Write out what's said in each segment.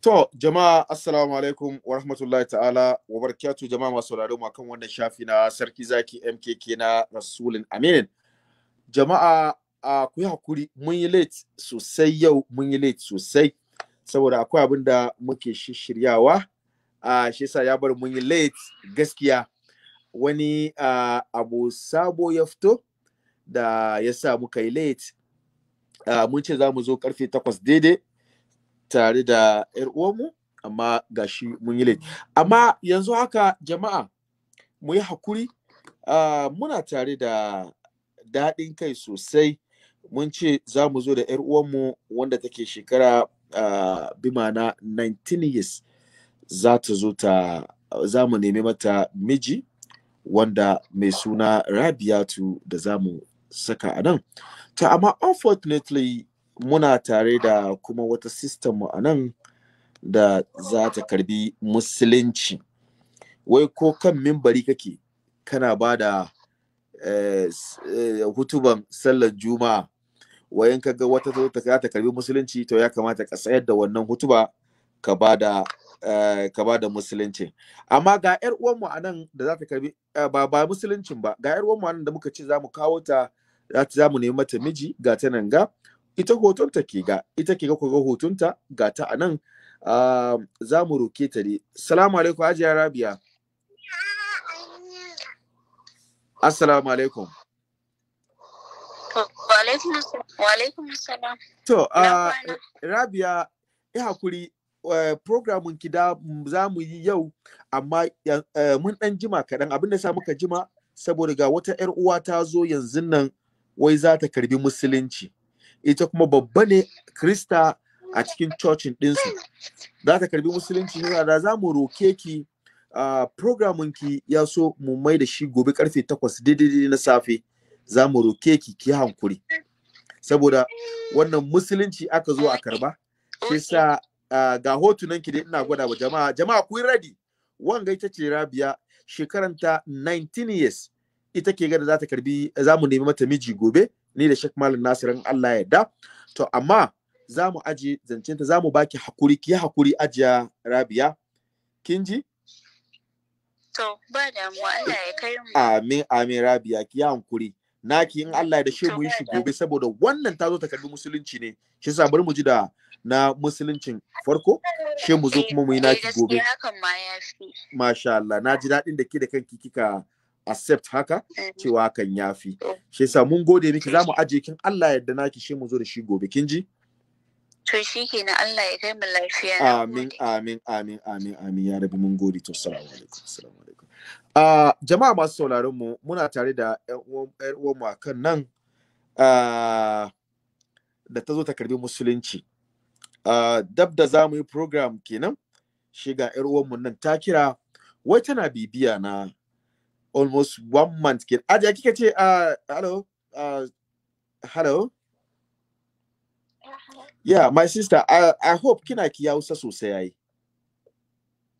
To, jama'a assalamu alaikum wa rahmatullahi ta'ala wa barakatu jama'a masu sauraro ma kan wannan shafi na Sarki Zaki MKK na Rasulin amin. Jama'a a ku yi hakuri mun yi late sosai yau mun yi late sosai saboda akwai abin da muke shiryawa a shi yasa ya bar mun yi late gaskiya wani abu sabo ya fito da yasa muka yi late mun ce za mu zo karfe takwas daidai tare da yar uwanmu amma gashi mun yi laifi. amma yanzu haka jama'a mu yi hakuri muna tare da daɗin kai sosai mun ce za mu zo da yar uwanmu wanda take shekara bimana 19 years za ta zo ta za mu nemi mata miji wanda mai suna rabiatu da za mu saka a nan ta amma unfortunately muna tare da kuma wata system mu a nan da za ta karbi musulunci wai ko kan mimbari kake kana ba da eh, eh, hutuban sallar juma'a wayan kaga wata zo ta ta karbi musulunci to ya kamata ka tsayar da wannan hutuba ka ba da eh, ka ba da musulunci amma ga yar uwanmu a nan da za ta karbi ba ba musuluncin ba ga yar uwanmu a nan da muka ce za mu kawo ta za mu nemi mata miji ga ta nan ga ita hotonta ke ga ita ke ga ku ga hotonta ga ta a nan ah, za mu roke ta ne salamu alaikum hajiya rabia assalamu alaikum To, a ah, Rabia, ya hakuri uh, eh, programin ki da za mu yi yau, amma eh, mun ɗan jima kaɗan abinda sa muka jima saboda ga wata 'yar uwa ta zo yanzu nan wai za ta karbi musulunci. ita kuma babba ne krista a cikin cocin ɗinsu za ta karbi musulunci da za mu roke ki a programin ki ya so mu mai da shi gobe karfe takwas daidai na safe za mu roke ki ki hankuri saboda wannan musulunci aka zo a karba shi sa ga hotunan ki da ina gwada wa jama'a jama'a ku yi radi wanga ita ce rabia shekaranta 19 years ita ke gada za ta karbi za mu nemi mata miji gobe ni da Sheikh Malam Nasirin Allah ya da to amma za mu aje zancinta za mu baki hakuri ki hakuri ajiya Rabia kin to ba mu Allah ya kai mu amin amin Rabia ki hankuri naki in Allah ya da shi mu yi shi gobe saboda wannan ta zo ta musulunci ne shi yasa bari mu ji da na musuluncin farko shi mu zo kuma mu yi eh, naki gobe masha Allah na ji daɗin da ke da kanki kika accept haka mm. cewa kan yafi shi yasa mun gode miki zamu aje kin Allah yadda naki shi mu zo da shi gobe kin ji to shikenan Allah ya kai mu lafiya amin amin amin amin amin ya rabi mun gode to assalamu alaikum assalamu alaikum uh, jama'a masu sauraron mu muna tare da ƴan uwan mu kan nan uh, da ta zo ta karbi musulunci uh, dab da za mu yi program kenan shiga ƴar uwan mu nan ta kira wai tana bibiya na almost one month ke aje kika ce uh, hello uh, hello yeah my sister i, I hope kina ki hausa sosai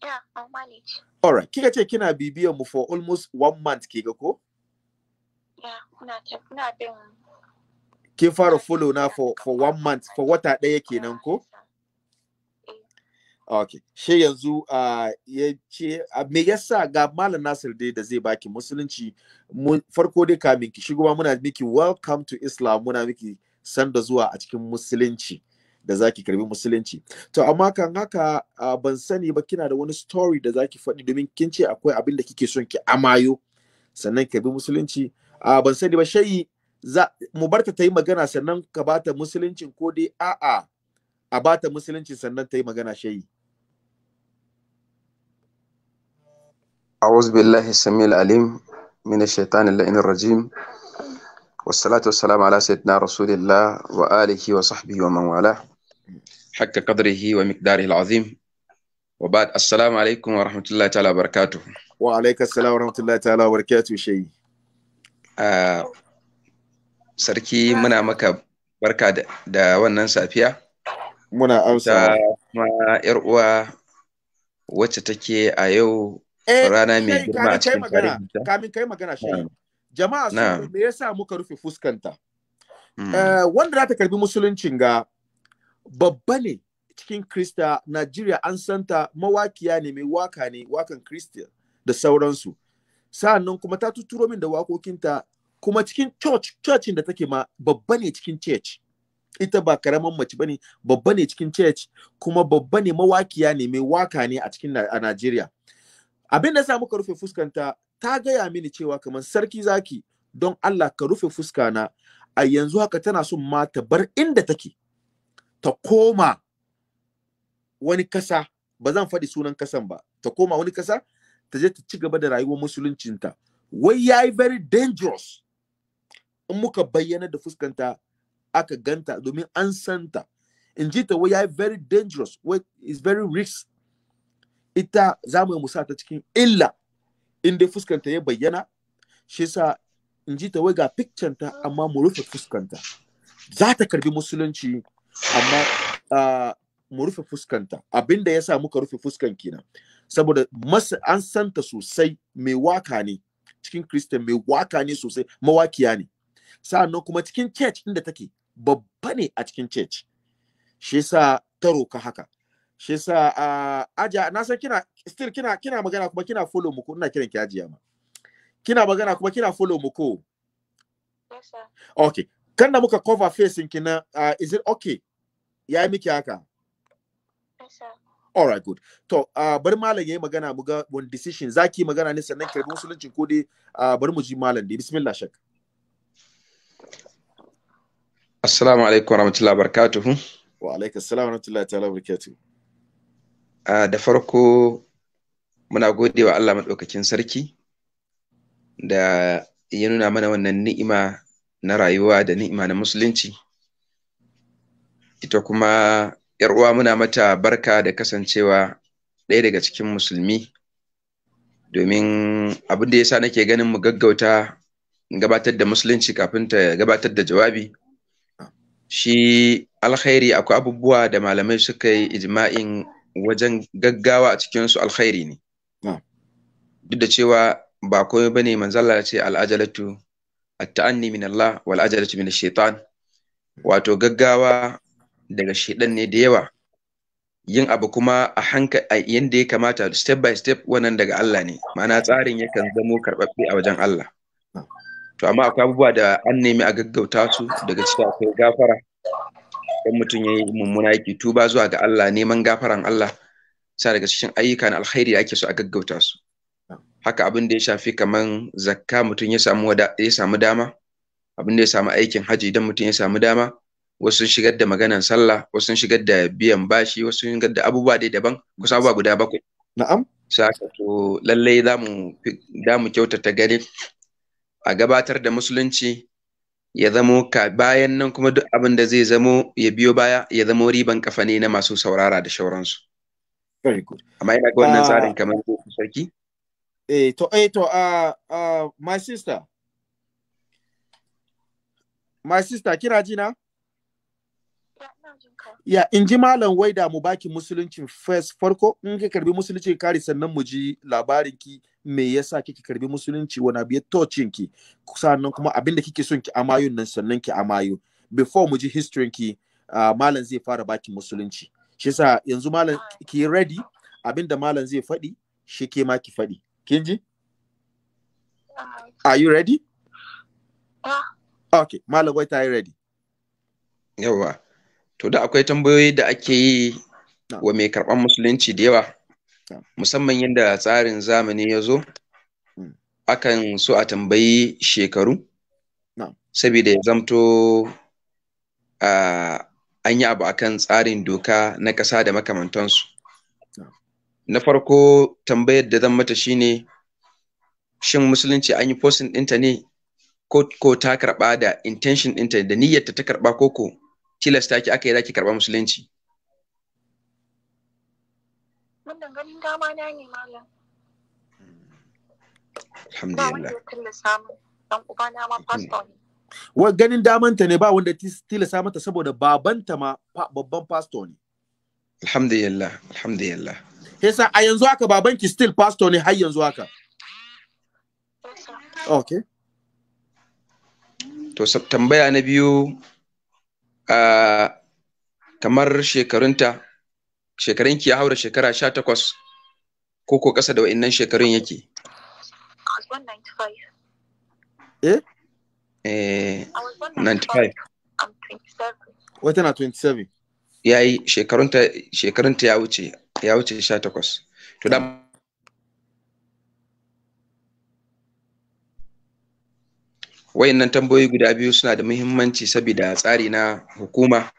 yeah i'll manage all right kika ce kina bibiyan mu for almost one month ke ga ko yeah kuna kuna bin kin fara follow na for for one month for wata daya kenan ko Ok, shi yanzu ya ce, me yasa ga Malam Nasir dai da zai baki musulunci farko dai kamin ki shigo muna miki welcome to Islam muna miki sanda zuwa a cikin musulunci da zaki karbi musulunci. To amma kan haka ban sani ba kina da wani story da zaki faɗi domin kin ce akwai abin da kike son ki amayo sannan karbi musulunci. ban sani ba shayi mu barta ta yi magana sannan ka bata musuluncin ko dai a'a a bata musulunci sannan ta yi magana shayi. أعوذ بالله السميع العليم من الشيطان اللعين الرجيم والصلاة والسلام على سيدنا رسول الله وآله وصحبه ومن والاه حق قدره ومقداره العظيم وبعد السلام عليكم ورحمة الله تعالى وبركاته وعليك السلام ورحمة الله تعالى وبركاته شيء آه sarki muna maka barka da wannan safiya muna amsa ma yar uwa wacce take a yau Eh, rana mai girma a cikin tarihi kamin kai magana shi jama'a su me yasa muka rufe fuskanta hmm. eh, wanda za ta karbi musuluncin ga babba ne cikin krista Najeriya an santa mawakiya ne mai waka ne wakan krista da sauransu sa'annan kuma ta tuturo min da wakokinta kuma cikin church churchin da take ma babba ne cikin church ita ba karaman mace bane babba ne cikin church kuma babba ne mawakiya ne mai waka ne a cikin a Najeriya abin da sa muka rufe fuskanta ta gaya mini cewa kamar sarki zaki don Allah ka rufe fuska na a yanzu haka tana son ma ta bar inda take ta koma wani kasa ba zan faɗi sunan kasan ba ta koma wani kasa ta je ta ci gaba da rayuwar musuluncinta wai ya very dangerous in muka bayyana da fuskanta aka ganta domin an santa in ji ta wai ya very dangerous wai is very risk ita za mu musa ta cikin illa in dai fuskanta ya bayyana shi yasa in ji ta wai ga ta amma mu rufe fuskanta za ta karbi musulunci amma mu rufe fuskanta abinda yasa muka rufe fuskan kenan saboda masa an santa sosai mai waka ne cikin Christian mai waka ne sosai mawakiya ne sa'annan kuma cikin church inda take babba ne a cikin church shi yasa ta roka haka shi sa a ah, ajiya na san kina still kina kina magana kuma kina follow mu ko ina kiran ki ajiya ma kina magana kuma kina follow mu ko okay kan da muka cover facing kina uh, ah, is it okay yayi miki haka all right good to uh, bari malam yayi magana mu ga one decision zaki magana ne sannan kirbi musulunci ko dai uh, bari mu ji malam dai bismillah shak assalamu alaikum warahmatullahi wabarakatuh wa alaikum assalam wa rahmatullahi ta'ala wa da farko muna gode wa Allah maɗaukakin sarki da ya nuna mana wannan ni'ima na rayuwa da ni'ima na musulunci ita kuma yar uwa muna mata barka da kasancewa ɗaya daga cikin musulmi domin abin da yasa nake ganin mu gaggauta gabatar da musulunci kafin ta gabatar da jawabi shi alkhairi akwai abubuwa da malamai suka yi ijma'in wajen gaggawa a cikinsu alkhairi ne duk da cewa ba komai ba ne manzala ce al'ajalatu ta'anni min Allah wal min shaitan wato gaggawa daga shaidan ne da yawa yin abu kuma a hanka yanda ya kamata step by step wannan daga Allah ne mana tsarin yakan zamo karɓaɓɓe a wajen Allah to amma akwai abubuwa da an nemi a gaggauta su daga cikin akwai gafara idan mutum ya yi mummuna yake tuba zuwa ga Allah neman gafaran Allah sa daga cikin ayyuka na alkhairi ake so a gaggauta su haka abin da ya shafi kaman zakka mutum ya samu ya samu dama abin da ya samu aikin haji idan mutum ya samu dama wasu shigar da maganan sallah wasu shigar da biyan bashi wasu shigar da abubuwa dai daban kusa abubuwa guda bakwai na'am saka to lallai za mu kyautata gare a gabatar da musulunci ya zamo ka bayan nan kuma duk abin da zai zamo ya biyo baya ya zamo riban kafa ne na masu saurara da shauransu very good amma ina ga wannan ah. tsarin kamar sarki eh to eh to uh, uh, my sister my sister kira jina Ya, in ji malam wai da mu baki musuluncin first farko in ka karbi musulunci kare sannan mu ji labarin ki me yasa kike karbi musulunci wani abu ya tocin ki sannan kuma abin da kike son ki amayu nan sannan ki amayu before mu ji history ki uh, malam zai fara baki musulunci shi yasa yanzu malam ki ready abin da malam zai faɗi shi ke ma ki faɗi kin ji are you ready ah. okay malam wai ta yi ready yawa to da akwai tambayoyi da ake yi wa mai karɓar musulunci da yawa musamman yadda tsarin zamani ya zo hmm. akan so a tambayi shekaru saboda ya zamto an yi abu akan tsarin doka na ƙasa da makamantansu na farko tambayar da zan mata shine shin musulunci an yi postin ɗinta ne ko ta karɓa da intention ɗinta da niyyarta ta karɓa koko tilasta ki aka yi za ki karɓa musulunci wannan ganin dama na ne malam alhamdulillah dan uba na ma pastor wai ganin damanta ne ba wanda tilasa mata saboda babanta ma babban pastor ne alhamdulillah alhamdulillah yasa a yanzu haka babanki still pastor ne har yanzu haka okay to tambaya na biyu ah, kamar shekarunta shekarun ki ya haura shekara sha takwas ko ko ƙasa da wa'innan shekarun yake? Eh? Eh, 95. Wata na 27. Ya yi shekarunta ya wuce, ya wuce sha takwas. To da wayannan tambayoyi guda biyu suna da muhimmanci saboda tsari na hukuma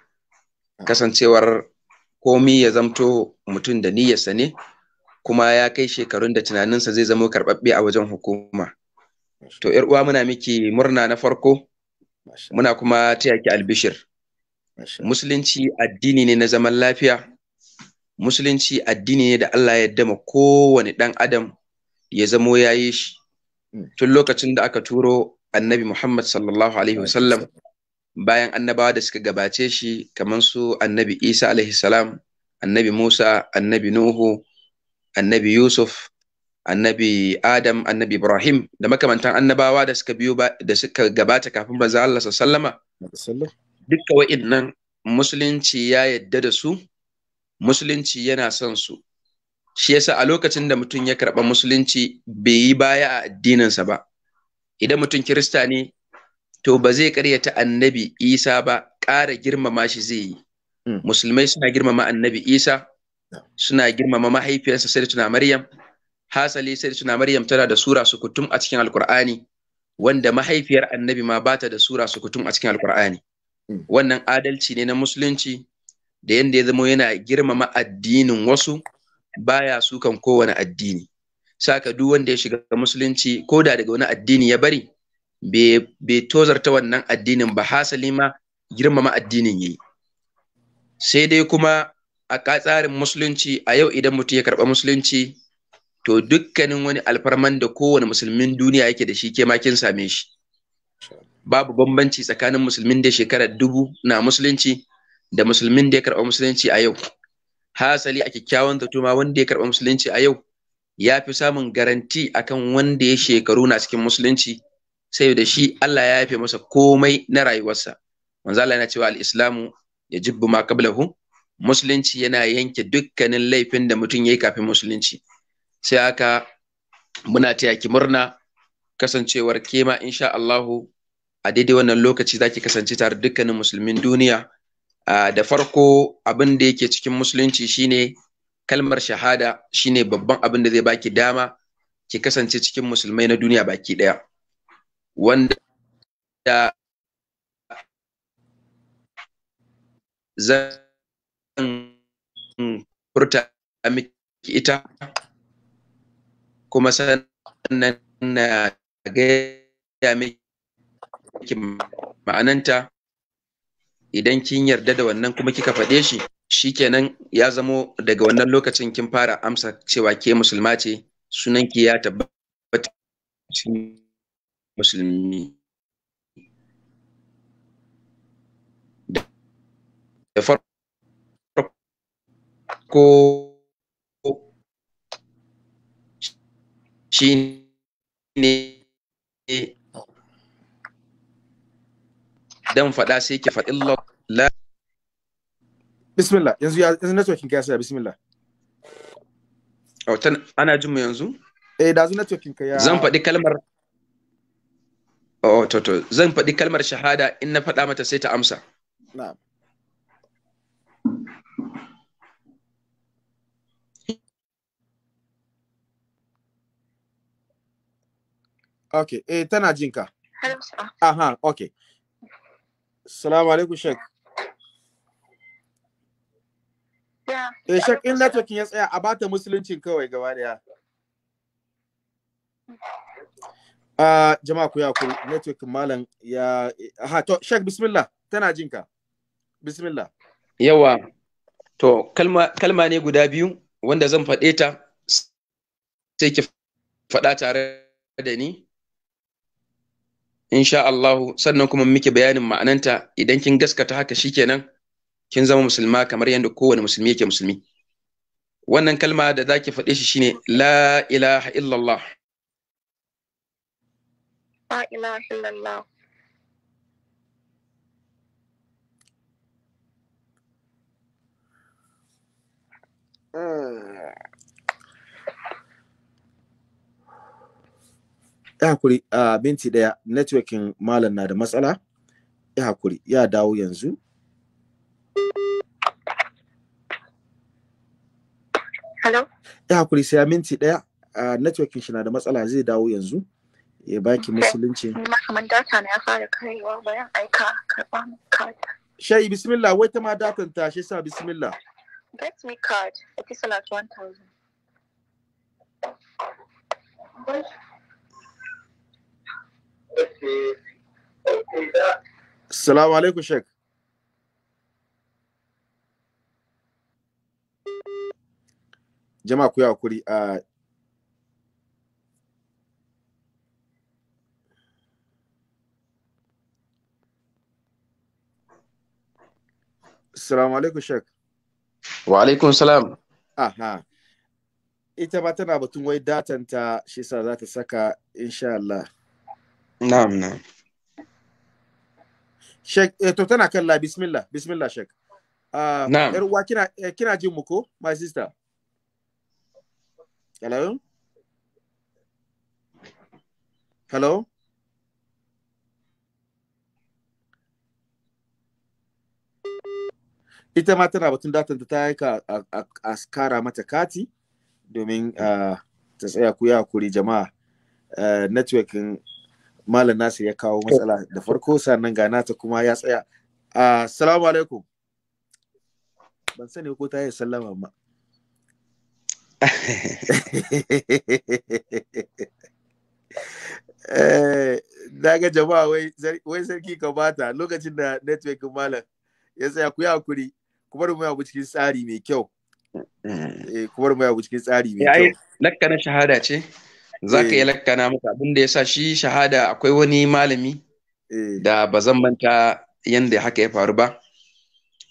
kasancewar komi ya zamto mutum da niyyarsa ne kuma ya kai shekarun da tunaninsa zai zama karɓaɓɓe a wajen hukuma to yar uwa muna miki murna na farko muna kuma ta ki albishir musulunci addini ne na zaman lafiya musulunci addini ne da Allah ya dama kowane ɗan adam ya zamo ya yi shi mm. tun lokacin da aka turo annabi Muhammad sallallahu alaihi wasallam bayan annabawa da suka gabace shi kamar su annabi isa alaihi salam annabi musa annabi nuhu annabi yusuf annabi adam annabi ibrahim da makamantan annabawa da suka biyo da suka gabata kafin manzo Allah sallama dukkan wa'innan musulunci ya yadda da su musulunci yana son su shi yasa a lokacin da mutum ya karɓa musulunci bai yi baya a addininsa ba idan mutum kirista ne to ba zai karyata annabi isa ba ƙara girmama shi zai yi hmm. musulmai suna girmama annabi isa suna girmama mahaifiyarsa sai tuna maryam hasali sai tuna maryam tana da sura sukutum a cikin alkur'ani wanda mahaifiyar annabi ma bata da sura sukutum a cikin alkur'ani hmm. wannan adalci ne na musulunci da yadda ya zama yana girmama addinin wasu baya sukan kowane addini saka duk wanda ya shiga musulunci ko da daga wani addini ya bari bai tozarta wannan addinin ba hasali ma girmama addinin yi. sai dai kuma a tsarin musulunci a yau idan mutum ya karɓa musulunci to dukkanin wani alfarman da kowane musulmin duniya yake da shi ke makin same shi babu bambanci tsakanin musulmin da shekarar dubu na musulunci da musulmin da ya karɓa musulunci a yau hasali a kyakkyawan zato ma wanda ya karɓa musulunci a yau ya fi samun garanti akan wanda ya shekaru na cikin musulunci sai da shi Allah ya yafe masa komai na rayuwarsa manzo Allah yana cewa al-islamu jibbu ma qablahu musulunci yana yanke dukkanin laifin da mutum yayi kafin musulunci sai haka muna taya ki murna kasancewar kema insha Allahu a daidai wannan lokaci zaki kasance tare dukkanin musulmin duniya da farko abin da yake cikin musulunci shine kalmar shahada shine babban abin da zai baki dama ki kasance cikin musulmai na duniya baki daya wanda zan furta miki ita kuma sannan na gaya miki ma'ananta idan kin yarda da wannan kuma kika faɗe shi shikenan ya zamo daga wannan lokacin kin fara amsa cewa ke musulma ce sunan ki ya tabbata musulmi da farko shi ne dan fada sai ke faɗin la bismillah yanzu yanzu networking ka ya bismillah oh, ana jin mu yanzu eh da zu networking ka ya zan faɗi kalmar Oh, to, to. Zan faɗi kalmar shahada in na faɗa mata sai ta amsa. Na'am. Okay, eh tana jin ka. Aha, ok. Salamu alaikum Sheikh. Yeah. Eh Sheikh in networking ya tsaya a bata musuluncin kawai gaba da ya. A ah, jama'a ku ku network malam ya ha to Sheikh bismillah tana jinka bismillah yawa to kalma kalma ne guda biyu wanda zan faɗe ta sai ki faɗa tare da ni insha Allah sannan kuma muke bayanin ma'ananta idan kin gaskata haka shikenan kin zama musulma kamar yadda kowane musulmi yake musulmi wannan kalma da zaki faɗe shi shine la ilaha illallah Hmm. ya hakuri a binti daya networking malam na da matsala ya hakuri ya dawo yanzu Hello? ya hakuri sai minti daya networking shi na da matsala zai dawo yanzu ya baki musulunci kamar data na ya fara karewa bayan aika karba kata shayi bismillah wai ta ma datan ta shi sa bismillah get me card a fi salat 1000 Salamu alaikum Sheikh. Jama'a ku yi hakuri a uh, Salamu alaikum Sheikh. Wa alaikum salam. Aha. Ita ma tana batun wai datanta shi sa za ta saka insha Allah. Na'am na'am. Sheikh eh, to tana kalla bismillah bismillah Sheikh. Uh, na'am. Yar uwa kina eh, kina jin mu ko my sister? Hello? Hello? ita ma tana batun datan ta aika a kara mata kati domin mm. ah, ta tsaya ku ya kuri jama'a eh, networking malam nasir ya kawo matsala da farko sannan ga nata kuma ya tsaya assalamu ah, alaikum ban sani ko ta yi sallama ma daga eh, jama'a wai sarki ka bata lokacin da network malam ya tsaya ku ya kuri kubar bar mu yabu cikin tsari mai kyau eh ku bar mu yabu cikin tsari mai kyau lakka na shahada ce za ka iya eh. lakka na maka abin da ya sa shi shahada akwai wani malami eh. da ba zan manta yanda haka ya faru ba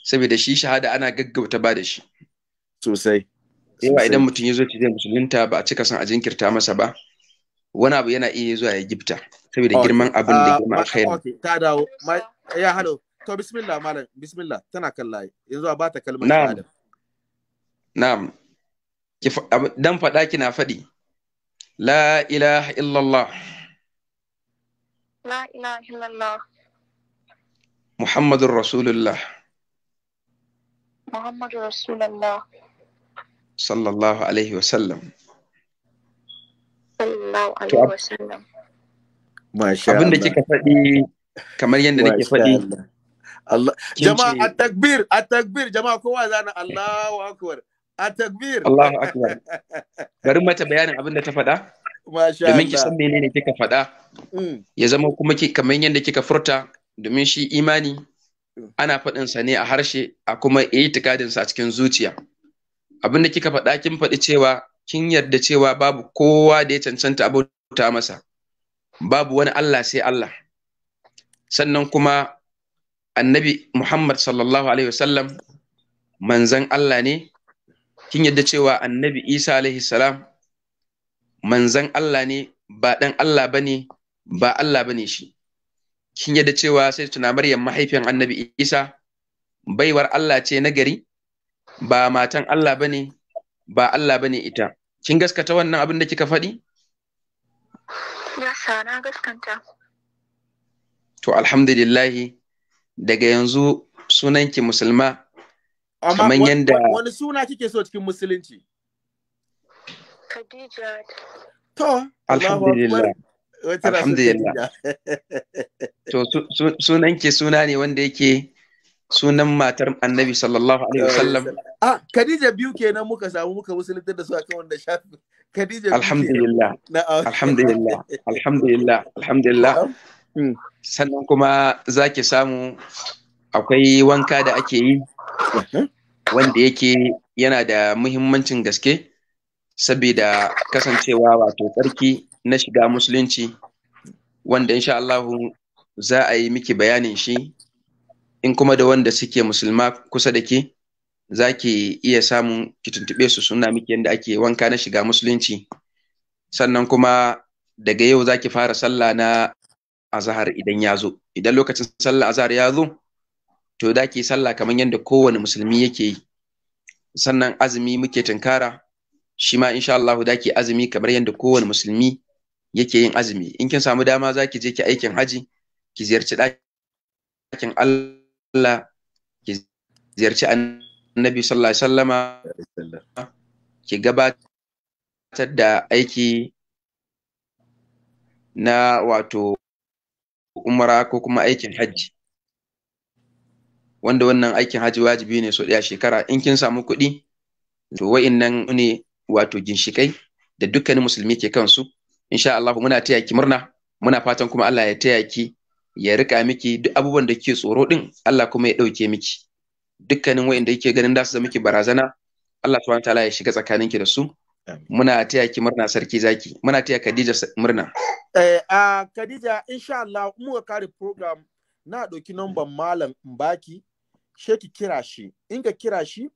saboda shi shahada ana gaggauta ba da shi sosai yawa idan mutum ya zo ce zai musulunta ba a cika son a jinkirta masa ba wani abu yana iya zuwa ya gifta saboda girman abin da ah, girman kai ta dawo ya halo to bismillah malam bismillah tana kan layi yanzu a bata kalmar shahada na'am dan faɗa kina faɗi la ilaha illallah la ilaha illallah muhammadur rasulullah muhammadur rasulullah sallallahu alaihi wa sallam. sallallahu alaihi wa allah. abinda kika faɗi kamar yadda nake faɗi Allah jama'a at-takbir at-takbir jama'a kowa zana Allahu akbar at-takbir Allahu akbar garin mata bayanin abin da ta faɗa domin ki san menene kika faɗa mm. ya zama kuma ki kamar yadda kika furta domin shi imani ana faɗin sa ne a harshe a kuma itikadin sa cikin zuciya abin da kika faɗa kin faɗi cewa kin yarda cewa babu kowa da ya cancanta abu ta masa babu wani Allah sai Allah sannan kuma annabi Muhammad sallallahu alaihi wasallam manzan Allah ne kin yadda cewa annabi Isa alaihi salam manzan Allah ne ba dan Allah bane ba Allah bane shi kin yadda cewa sai tuna Maryam mahaifin annabi Isa baiwar Allah ce nagari. ba matan Allah bane ba Allah bane ita kin gaskata wannan abin da kika faɗi Ya sa na gaskanta to alhamdulillahi daga yanzu sunanki musulma kamar yadda wani suna kike so cikin musulunci to alhamdulillah alhamdulillah to sunanki suna ne wanda yake sunan matar annabi sallallahu alaihi wasallam ah Khadija biyu kenan muka samu muka musulunta da su akan wanda shafi Khadija alhamdulillah alhamdulillah alhamdulillah alhamdulillah Mm. sannan kuma za ki samu akwai wanka da ake yi wanda yake yana da muhimmancin gaske saboda kasancewa wato tsarki na shiga musulunci wanda insha Allahu za a yi miki bayanin shi in kuma da wanda suke musulma kusa da ke za ki iya samun ki tuntube su suna miki yadda ake wanka na shiga musulunci sannan kuma daga yau za ki fara sallah na azhar idan ya zo idan lokacin sallah azhar ya zo to da ke sallah kamar yadda kowane musulmi yake yi sannan azumi muke tunkara shi ma insha Allah da ke azumi kamar yadda kowane musulmi yake yin azumi in kin samu dama za ki je ki aikin haji ki ziyarci ɗakin Allah ki ziyarci annabi sallallahu alaihi wasallama ki gabatar da aiki na wato umara ko kuma aikin hajji wanda wannan aikin hajji wajibi ne so ɗaya shekara in kin samu kuɗi to wa'innan ne wato ginshikai da dukkanin musulmi ke kansu insha Allah muna taya ki murna muna fatan kuma Allah ya taya ki ya rika miki duk abubuwan da ke tsoro din Allah kuma ya ɗauke miki dukkanin wa'inda yake ganin da su zama miki barazana Allah subhanahu ta'ala ya shiga tsakaninki da su muna taya ki murna sarki zaki muna taya Khadija murna eh a Khadija insha Allah mu muka kare program na ɗauki number malam mbaki she kira shi in ka kira shi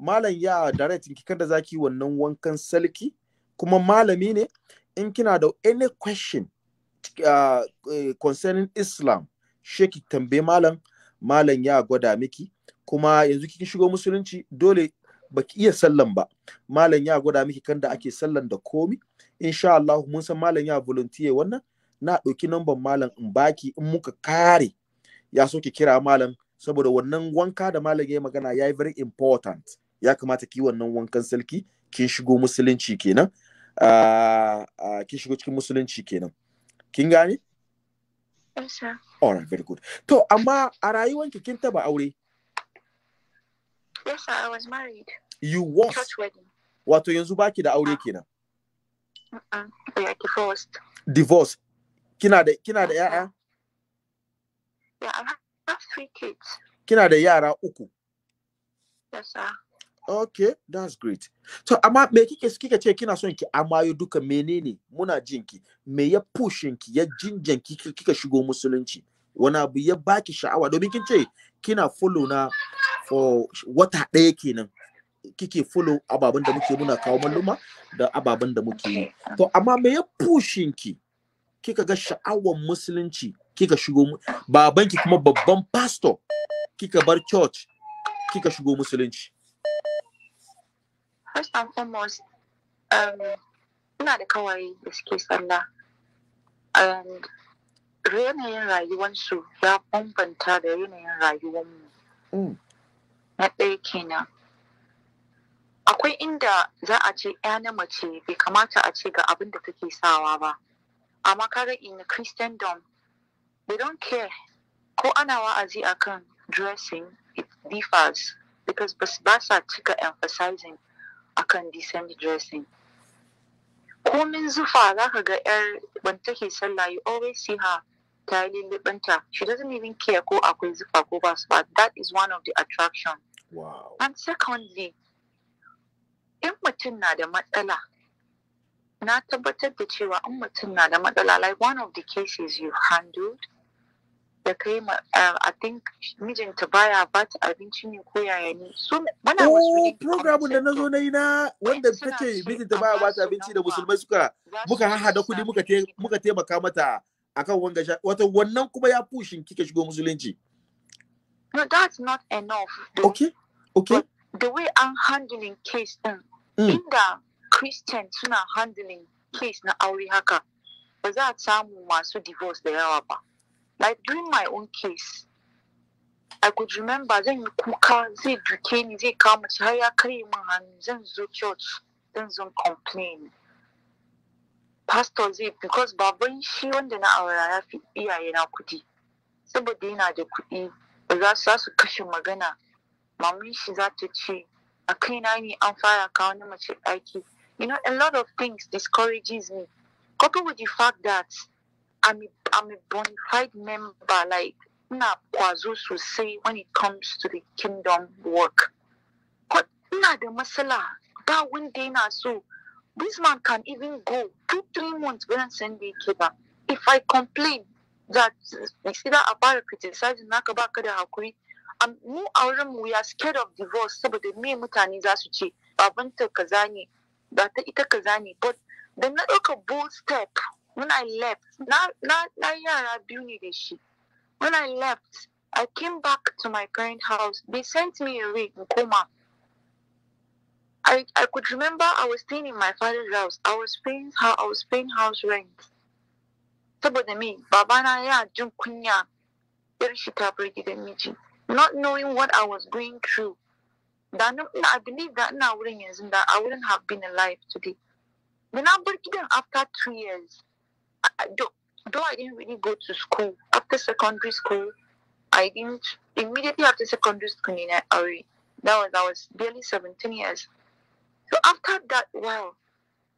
malam ya direct ki kada zaki wannan wankan salki kuma malami ne in kina da any question uh, concerning Islam she ki tambaye malam malam ya gwada miki kuma yanzu kin shigo musulunci dole baki iya sallan ba malam ya gwada miki kan da ake sallan da komi insha Allah mun san malam ya volunteer wannan na ɗauki namban malam in baki in muka kare ya so ki kira malam saboda wannan wanka da malam ya magana ya yi very important ya kamata ki wannan wankan sarki kin shigo musulunci kenan ah, ah, kin shigo cikin musulunci kenan kin gane? Yes, sir. All right, very good. To, amma a rayuwanki kin taba aure, Yes, sir, I was married. You was? Church wedding. Wato yanzu baki da aure ah. kenan. Uh-uh. divorced. Divorce. Kina da kina da uh-huh. yaya? Yeah, I have three kids. Kina da yara uku. Yes, sir. Okay, that's great. To so, amma me kike kike ce kina son ki amayo duka menene muna jinki me ya pushin ki ya jinjin ki kika shigo musulunci wani abu ya baki sha'awa domin kin ce kina follow na for wata ɗaya kenan kike follow ababen da muke muna kawo malluma da ababen da muke yi to amma me ya pushin ki kika ga sha'awar musulunci kika shigo babanki kuma babban pastor kika bar church kika shigo musulunci first and foremost um, ina da kawai da suke sallah and yanayin rayuwansu ya bambanta da yanayin rayuwanmu. Mm. Na ɗaya kenan. Akwai inda za a ce ‘ya na mace bai kamata a ce ga abin da take sawa ba. Amma kare in Christendom, they don't care. Ko ana wa'azi akan dressing, it differs. Because ba sa cika emphasizing akan decent dressing. komin zufa za ka ga yar ban take sallah you always see her ta yi lillibinta she doesn't even care ko akwai zufa ko ba that is one of the attraction wow. and secondly in mutum na da matsala na tabbatar da cewa in mutum na da matsala like one of the cases you handled da ka kai uh, I think mijinta baya ba ta abinci ne ko yaya ne so when I was oh, reading program da zo na yi na wanda take mijinta baya ba ta abinci da musulmai suka muka hada kudi muka taimaka mata akan wanga sha wato wannan kuma ya pushin kike shigo musulunci no that's not enough though. okay okay the way I'm handling case din um, mm. inda Christian suna handling case na aure haka ba za a samu masu divorce da yawa ba like during my own case I could remember zan yi kuka zai duke ni zai kama ci har ya karye min hannu zan zo church zan zo complain pastor zai because baban shi wanda na aura ya fi iyaye na kuɗi saboda yana da kuɗi za su su kashe magana maman shi za ta ce a kaina ne an fara kawo na mace ɗaki you know a lot of things discourages me coupled with the fact that I'm a, I'm a bona member like ina kwazo sosai when it comes to the kingdom work ina da matsala ba wanda yana so This man can even go two, three months without sending Ikeba. If I complain that Sida Abara criticizing Nakaba Kada Hakuri, and mu auren we are scared of divorce saboda me mutane za su ce babanta kaza ne ba ita kaza ne but da na ɗauka bold step when I left na na na yara biyu ne when I left I came back to my parent house they sent me away in coma I, I could remember I was staying in my father's house. I was paying how I was paying house rent. Somebody me, Baba na ya jin kunya yar shi ta bar gidan Not knowing what I was going through. That I believe that na wurin yanzu that I wouldn't have been alive today. Then I bar gidan after three years. I, though, though I didn't really go to school. After secondary school, I didn't immediately after secondary school in That was I was barely 17 years. So after that while,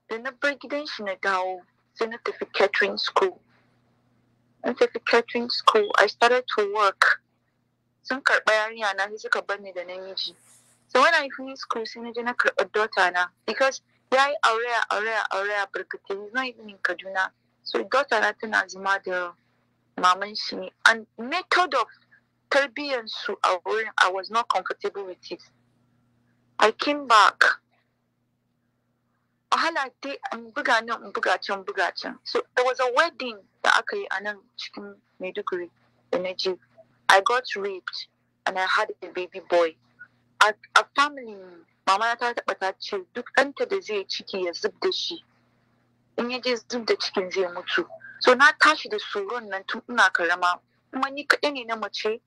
then I the Brigadier Shinagao, the Catering School. And the catering school, I started to work. Sun karɓa yarinya na sai suka i ni da So when I finished school, then I je a daughter now. because yayi area, aure area, a barkatai not even in Kaduna. So daughter I tana zama mother, maman shi and method of Caribbean su I was not comfortable with it. I came back wahala dai in buga nan in buga can buga can so there was a wedding da aka yi a nan cikin maiduguri da na i got raped and i had a baby boy a, a family mama ta taba ta ce duk ɗanta da zai ciki ya zub da shi in ya je zub da cikin zai mutu so na tashi da tsoron nan tun ina karama kuma ni kaɗai ne na mace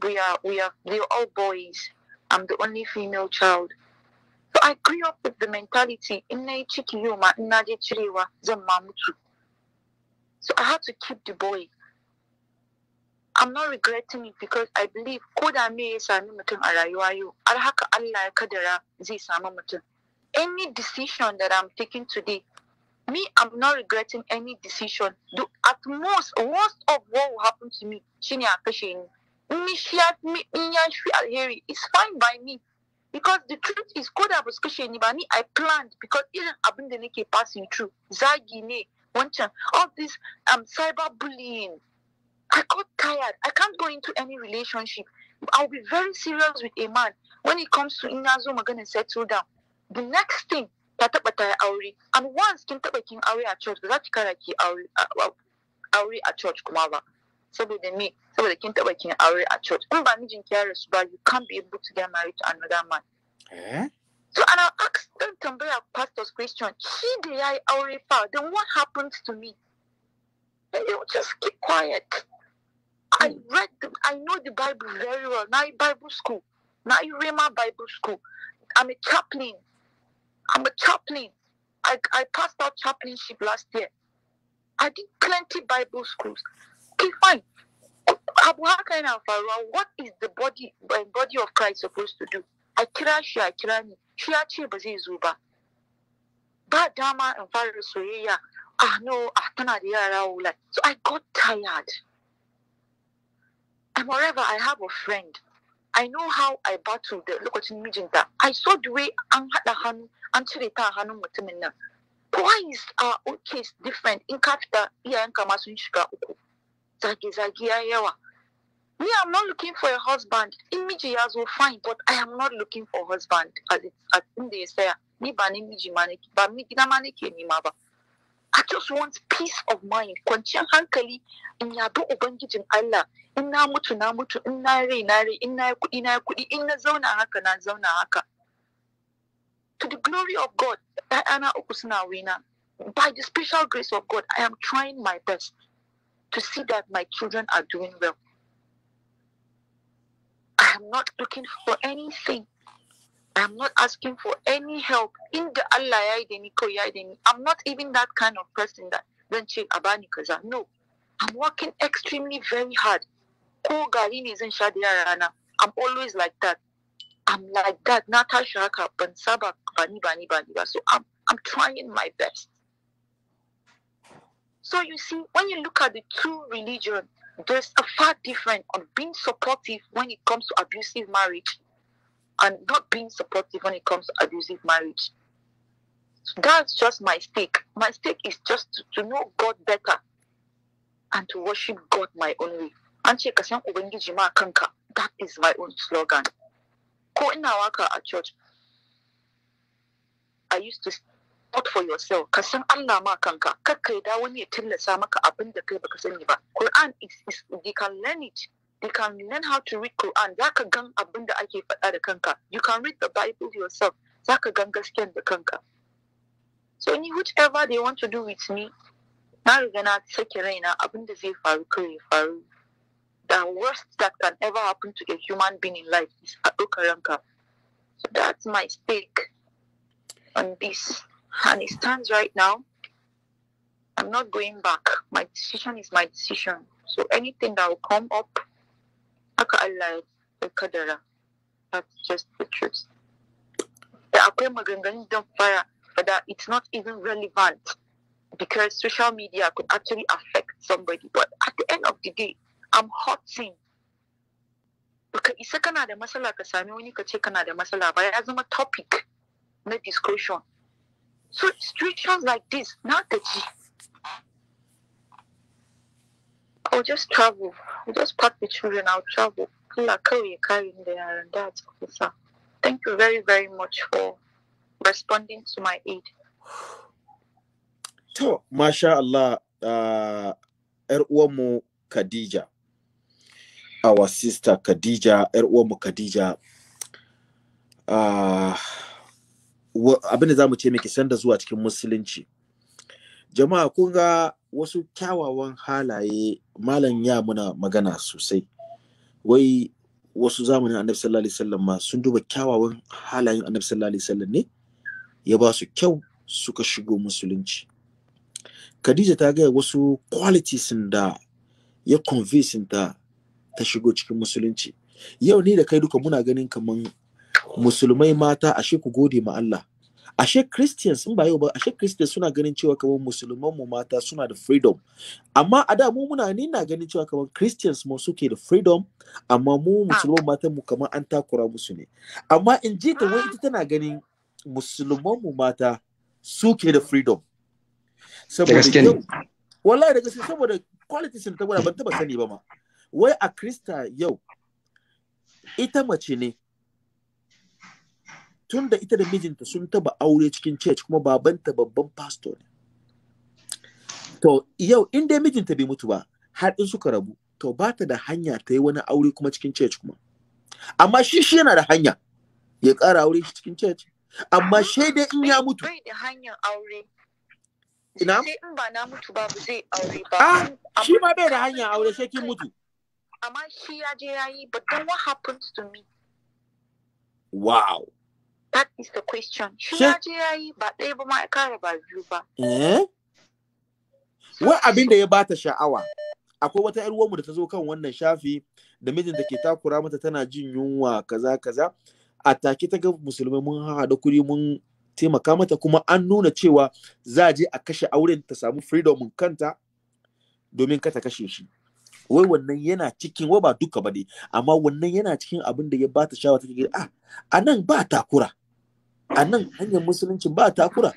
we are we are we are all boys i'm the only female child I grew up with the mentality, so I had to keep the boy. I'm not regretting it because I believe koda me ya sami mutum a rayuwa yau, Any decision that I'm taking today, me, I'm not regretting any decision. Do at most, worst of what will happen to me, shine a me, shi me, in ya it's fine by me because the truth is ko da ba ni I planned because even abin passing through zagine one wancan all this um, cyber bullying I got tired I can't go into any relationship I'll be very serious with a man when it comes to I'm gonna settle down the next thing ta taba ta and once kin taba at aure a church ba za ki kara ki at church kuma saboda me saboda kin taba kin aure a church in ba mijin ki ya rasu ba you can't be able to get married to another man eh? so ana ask dan a pastor's question She, did I aure fa then what happens to me and you just keep quiet I hmm. read, the, I know the Bible very well. Now Bible school, now Rema Bible school. I'm a chaplain. I'm a chaplain. I, I passed out chaplainship last year. I did plenty Bible schools. Okay, fine. Abu Hakain Alfarwa, what is the body the um, body of Christ supposed to do? I kira shi a kira ni, shi ya ce ba zai dama in fara soyayya, ah no, ah tana da yara So I got tired. And moreover, I have a friend. I know how I battled the lokacin mijinta. I saw the way an haɗa hannu, an cire ta hannun mutumin nan. Kowa is uh, case different in ka fita iyayenka ma sun shiga uku. zage-zage ya yawa me i'm not looking for a husband Imiji miji ya zo fine but i am not looking for a husband at inda ya saya ni ba ni miji ma nake ba gina ma ni ma ba I just want peace of mind, kwanciyar hankali in yabi Ubangijin Allah, in na mutu na mutu, in na rai na rai, in na yi kuɗi na yi in na zauna haka na zauna haka. To the glory of God, ‘ya'yana uku suna wina. By the special grace of God, I am trying my best. to see that my children are doing well. I am not looking for anything. I am not asking for any help. In the Allah I'm not even that kind of person that then to abani kaza. No. I'm working extremely very hard. Ko is zan shadiyara rana. I'm always like that. I'm like that. Nata shaka ban saba bani bani bani ba. So I'm I'm trying my best. So you see, when you look at the two religions, there's a far difference on being supportive when it comes to abusive marriage and not being supportive when it comes to abusive marriage. that's just my stake. My stake is just to, to know God better and to worship God my own way. kanka, that is my own slogan. Ko ina waka a church, I used to out for yourself ka san Allah ma kanka kar ka da wani ya tallasa maka abin da kai baka sani ba Quran is, is you can learn it you can learn how to read Quran zaka gan abin da ake faɗa da kanka you can read the Bible yourself zaka gan gaskiyar da kanka so any whichever they want to do with me na riga na sake raina abin da zai faru kawai faru the worst that can ever happen to a human being in life is a ranka so that's my stake on this and it stands right now. I'm not going back. My decision is my decision. So anything that will come up, haka Allah That's just the truth. Da akwai but that it's not even relevant because social media could actually affect somebody. But at the end of the day, I'm hurting. because isa kana da matsala ka sami wani ka topic na discussion. So situations like this, not the G. I'll just travel. I'll just pack the children. I'll travel. Thank you very, very much for responding to my aid. To, Masha Allah, uh, er Khadija, our sister Khadija, Erwomu Khadija, uh, abin da mu ce miki da zuwa cikin musulunci jama'a kun ga wasu kyawawan halaye malam ya muna magana sosai wai wasu zamanin annabi sallallahu alaihi wasallam ma sun duba kyawawan halayen annabi sallallahu alaihi wasallam ne ya ba su kyau suka shigo musulunci Khadija ta gaya wasu qualities da ya convince ta ta shigo cikin musulunci yau ne da kai duka muna ganin kaman musulmai mata ashe ku gode ma Allah ashe christians sun ba yau ba ashe christians suna ganin cewa kamar musulman mu mata suna da freedom amma a da mu muna ni na ganin cewa kamar christians mu suke da freedom amma mu ah. musulman mata mu kamar an takura musu ne amma in ji ta wai ita tana ganin musulman mu mata suke da freedom saboda wallahi da gaske saboda quality sun ta gwada ban taba sani ba ma wai a krista yau ita mace ne tun da ita da mijinta sun taba aure cikin church kuma babanta babban pastor ne to yau in dai mijinta bai mutu ba har in suka rabu to ba ta da hanya ta yi wani aure kuma cikin church kuma amma shi shi yana da hanya ya ƙara aure shi cikin church amma shi dai in ya mutu bai da hanyar aure ina sai in ba na mutu ba zai aure ba ah, shi ma bai da hanyar aure sai kin mutu amma shi ya je yayi but then what happens to me wow That is the question. Shi ya je ya yi ba ɗaya kare ba eh? Wai abin da ya bata sha'awa. Akwai wata ‘yar uwanmu da ta zo kan wannan shafi da mijinta ke takura mata tana jin yunwa kaza kaza. A take ta ga musulmai mun haɗa da kuɗi mun taimaka mata kuma an nuna cewa za a je a kashe auren ta samu freedom kanta domin ka ta kashe shi. wai wannan yana cikin wai ba duka ba ne amma wannan yana cikin abin da ya ba ta take ah a nan ba takura a nan hanyar musulunci ba takura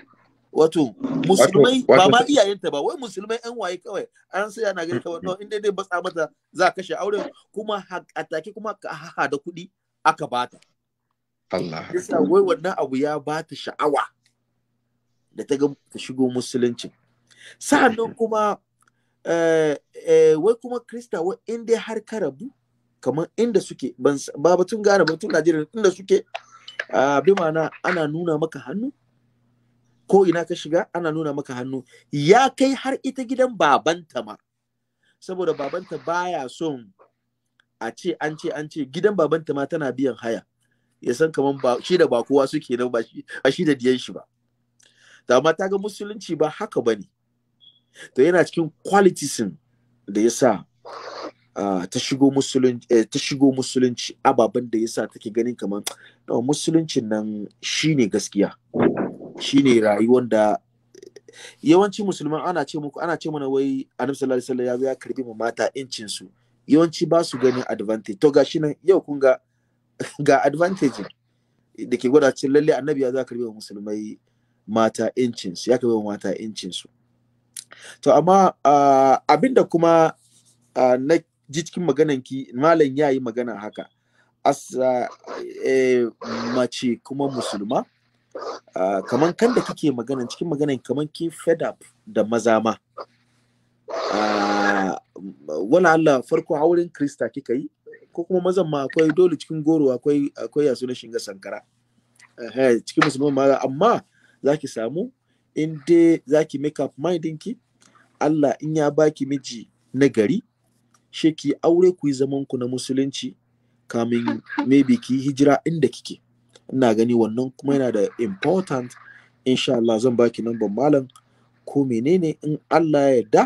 wato musulmai ba ma iyayenta ba wai musulmai yan waye kawai an sai ana ganin kawai in dai dai batsa mata za kashe aure kuma a take kuma ka haha da kuɗi aka bata Allah yasa wai wannan abu ya bata sha'awa da ta ga ta shigo musulunci kuma eh, eh, wai kuma krista wai in dai har ka rabu kamar inda suke ba batun gane batun Najeriya inda suke Abi bi ma'ana ana nuna maka hannu ko ina ka shiga ana nuna maka hannu ya kai har ita gidan babanta ma saboda babanta baya son a ce an ce an ce gidan babanta ma tana biyan haya ya san kaman ba shi da ba kowa suke nan ba shi shi da diyan shi ba da amma ta ga musulunci ba haka bane to yana cikin qualities da ya sa ta shigo musulunci eh, ta shigo musulunci ababen da yasa take ganin kamar no, musuluncin nan shine gaskiya shine rayuwar da yawanci musulman ana ce muku ana ce mana wai annabi sallallahu alaihi wasallam ya zo ya karbi mu mata incin su yawanci ba su ganin advantage to gashi nan yau kun ga ga advantage da ke gwada cin lalle annabi ya zo ya karbi musulmai mata incin su ya karbi mata incin su to amma uh, abinda kuma uh, na ji cikin maganan ki malam ya yi magana haka asa e, mace kuma musulma kaman kan da kike magana cikin maganan kaman ki fed up da maza ma wala Allah farko auren krista kika yi ko kuma mazan ma akwai dole cikin goro akwai akwai yaso na shinga sankara cikin musulman ma amma zaki samu in dai zaki make up mind ki Allah in ya baki miji na gari she ki aure ku yi zaman ku na musulunci kamin maybe ki hijira inda kike ina gani wannan kuma yana da important insha Allah zan baki number malam ko menene in Allah ya yarda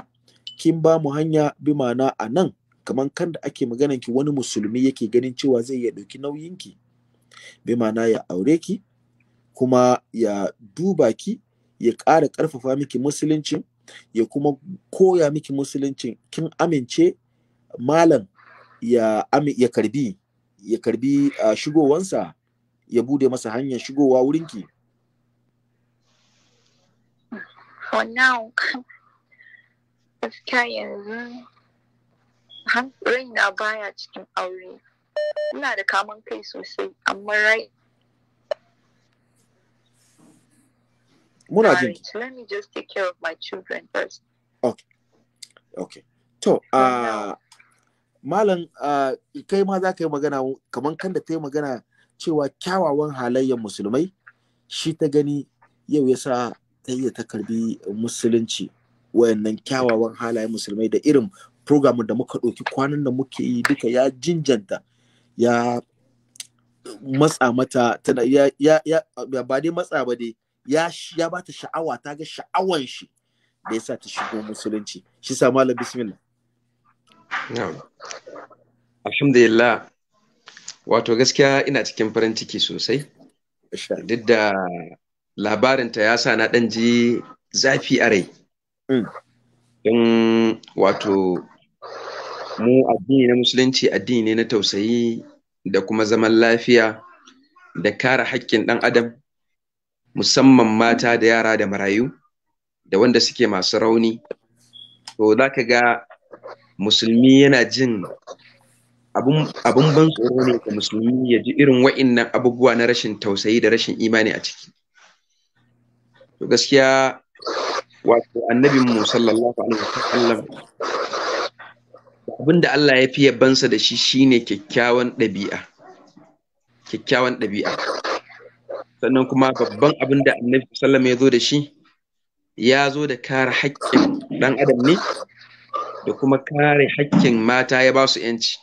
kin ba mu hanya bi ma'ana a nan kamar kan da ake maganan ki wani musulmi yake ganin cewa zai iya ɗauki nauyinki. ki bi ma'ana ya aure ki kuma ya duba ki ya ƙara ƙarfafa miki musulunci, ya kuma koya miki musulunci kin amince malam ya ya karbi ya karbi uh, shigowansa ya bude masa hanyar shigowa wurinki wannan gaskiya baya cikin aure ina da kai sosai amma rai muna jin let children okay okay uh, malam kai ma za ka yi magana kamar kan da ta yi magana cewa kyawawan halayyar musulmai shi ta gani yau ya sa ta yi ta karbi musulunci wayannan kyawawan halayen musulmai da irin program da muka ɗauki kwanan da muke yi duka ya jinjanta ya matsa mata tana ya ba dai matsa ba dai ya ya bata sha'awa ta ga sha'awan shi da yasa ta shigo musulunci shi sa malam bismillah Alhamdulillah. Wato gaskiya ina cikin farin ciki sosai. Duk da labarinta ya sa na ɗan ji zafi a rai. Mm. Don wato mu addini na musulunci addini ne na tausayi da kuma zaman lafiya da kare haƙƙin ɗan adam musamman mata da yara da marayu da wanda suke masu rauni. To za ka ga musulmi yana jin abin ban tsoro ne ga musulmi ya ji irin wa'innan abubuwa na rashin tausayi da rashin imani a ciki to gaskiya wato annabin mu sallallahu alaihi wasallam abin da Allah ya fi yabansa da shi shine kyakkyawan ɗabi'a kyakkyawan ɗabi'a sannan kuma babban abin da annabi sallallahu alaihi sallam ya zo da shi ya zo da kare haƙƙin ɗan adam ne da kuma kare haƙƙin mata ya ba su yanci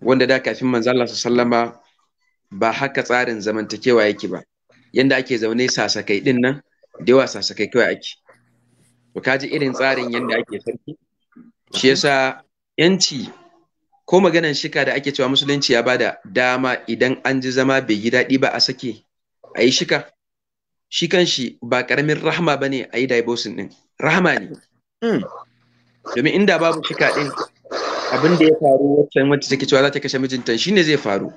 wanda da kafin Manzala su sallama ba haka tsarin zamantakewa yake ba yadda ake zaune sasakai din nan da yawa sasakai kawai ake Ba ka ji irin tsarin yadda ake sarki shi yasa yanci ko maganan shika da ake cewa musulunci ya bada dama idan an ji zama bai yi daɗi ba a sake a yi shika shi kan shi ba ƙaramin rahama ba ne a yi daibosin ɗin rahama ne mm. domin inda babu shika din abin da ya faru waccan wacce take cewa za ta kashe mijinta shine zai faru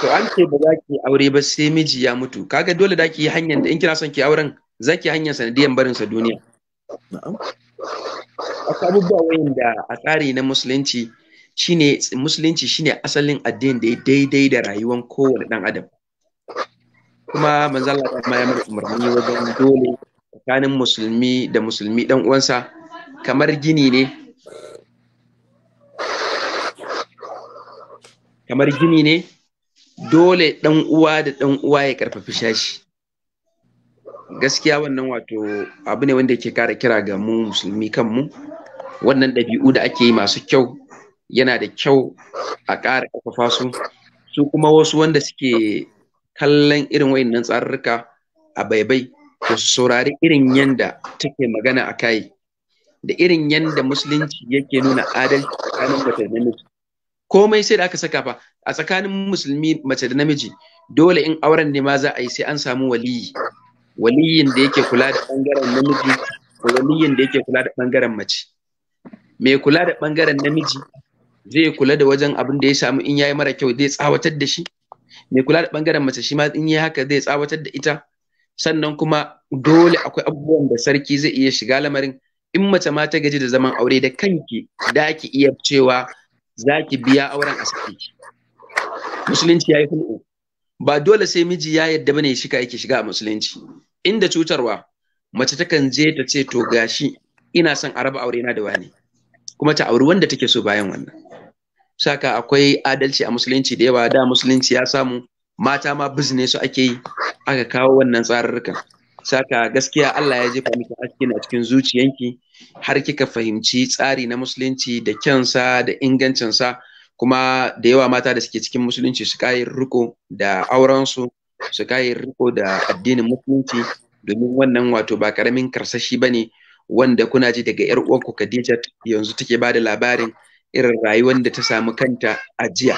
to an ce ba za ki aure ba sai miji ya mutu kaga dole da ki yi hanyar da in kina son ki auren za ki hanyar sanadiyan barin sa duniya akwai abubuwa da a tsari na musulunci shine musulunci shine asalin addinin da ya daidai da rayuwar kowane dan adam kuma manzala ta mayar umarni wajen dole tsakanin musulmi da musulmi dan uwansa kamar gini ne kamar gini ne dole dan uwa da dan uwa ya karfafi shashi gaskiya wannan wato abu ne wanda yake kara kira ga mu musulmi kanmu wannan ɗabi'u da ake yi masu kyau yana da kyau a ƙara ƙarfafa su su kuma wasu wanda suke kallon irin wayannan tsarurruka a baibai to su saurari irin yanda take magana a kai da irin yanda musulunci yake nuna adalci tsakanin mace da namiji komai sai da aka saka fa a tsakanin musulmi mace da namiji dole in auren ne ma za a yi sai an samu waliyi waliyin da yake kula da bangaren namiji ko waliyin da yake kula da bangaren mace mai kula da bangaren namiji zai kula da wajen abin da ya samu in yayi mara kyau zai tsawatar da shi mai kula da bangaren mace shi ma in yi haka zai tsawatar da ita sannan kuma dole akwai abubuwan da sarki zai iya shiga lamarin in mace ma ta gaji da zaman aure da kanki da ki iya cewa za ki biya auren a sarki. musulunci ya yi hulɓu ba dole sai miji ya yadda bane shika yake shiga a musulunci inda cutarwa mace takan je ta ce to gashi ina son a raba aure na da wani kuma ta auri wanda take so bayan wannan saka akwai adalci a musulunci da yawa da musulunci ya samu mata ma business ake yi aka kawo wannan tsarurrukan saka gaskiya Allah ya jefa miki aski a cikin zuciyanki har kika fahimci tsari na musulunci da kyansa da ingancinsa kuma da yawa mata da suke cikin musulunci su kayi riko da aurensu su kayi riko da addinin musulunci domin wannan wato ba karamin karsashi bane wanda kuna ji daga yar ku Khadija yanzu take bada labarin irin rayuwar da ta samu kanta a jiya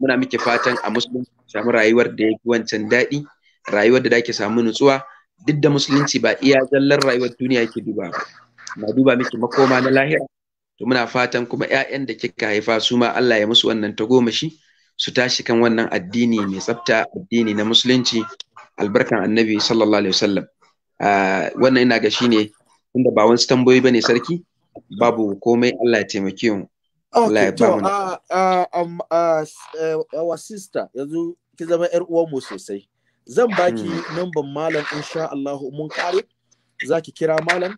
muna miki fatan a musulunci samu rayuwar da yake wancan daɗi rayuwar da dake samu nutsuwa duk da musulunci ba iya zallar rayuwar duniya yake duba ba na duba miki makoma na lahira to muna fatan kuma ƴaƴan da kika haifa su ma Allah ya musu wannan tagomashi su tashi kan wannan addini mai tsafta addini na musulunci albarkan annabi sallallahu alaihi wasallam ah, wannan ina ga shine Inda ba wani tambayoyi bane sarki babu komai Allah ya taimake mu Allah ya ba mu a a a yanzu ki zama ƴar mu sosai zan hmm. baki namban malam insha Allah mun kare zaki kira malam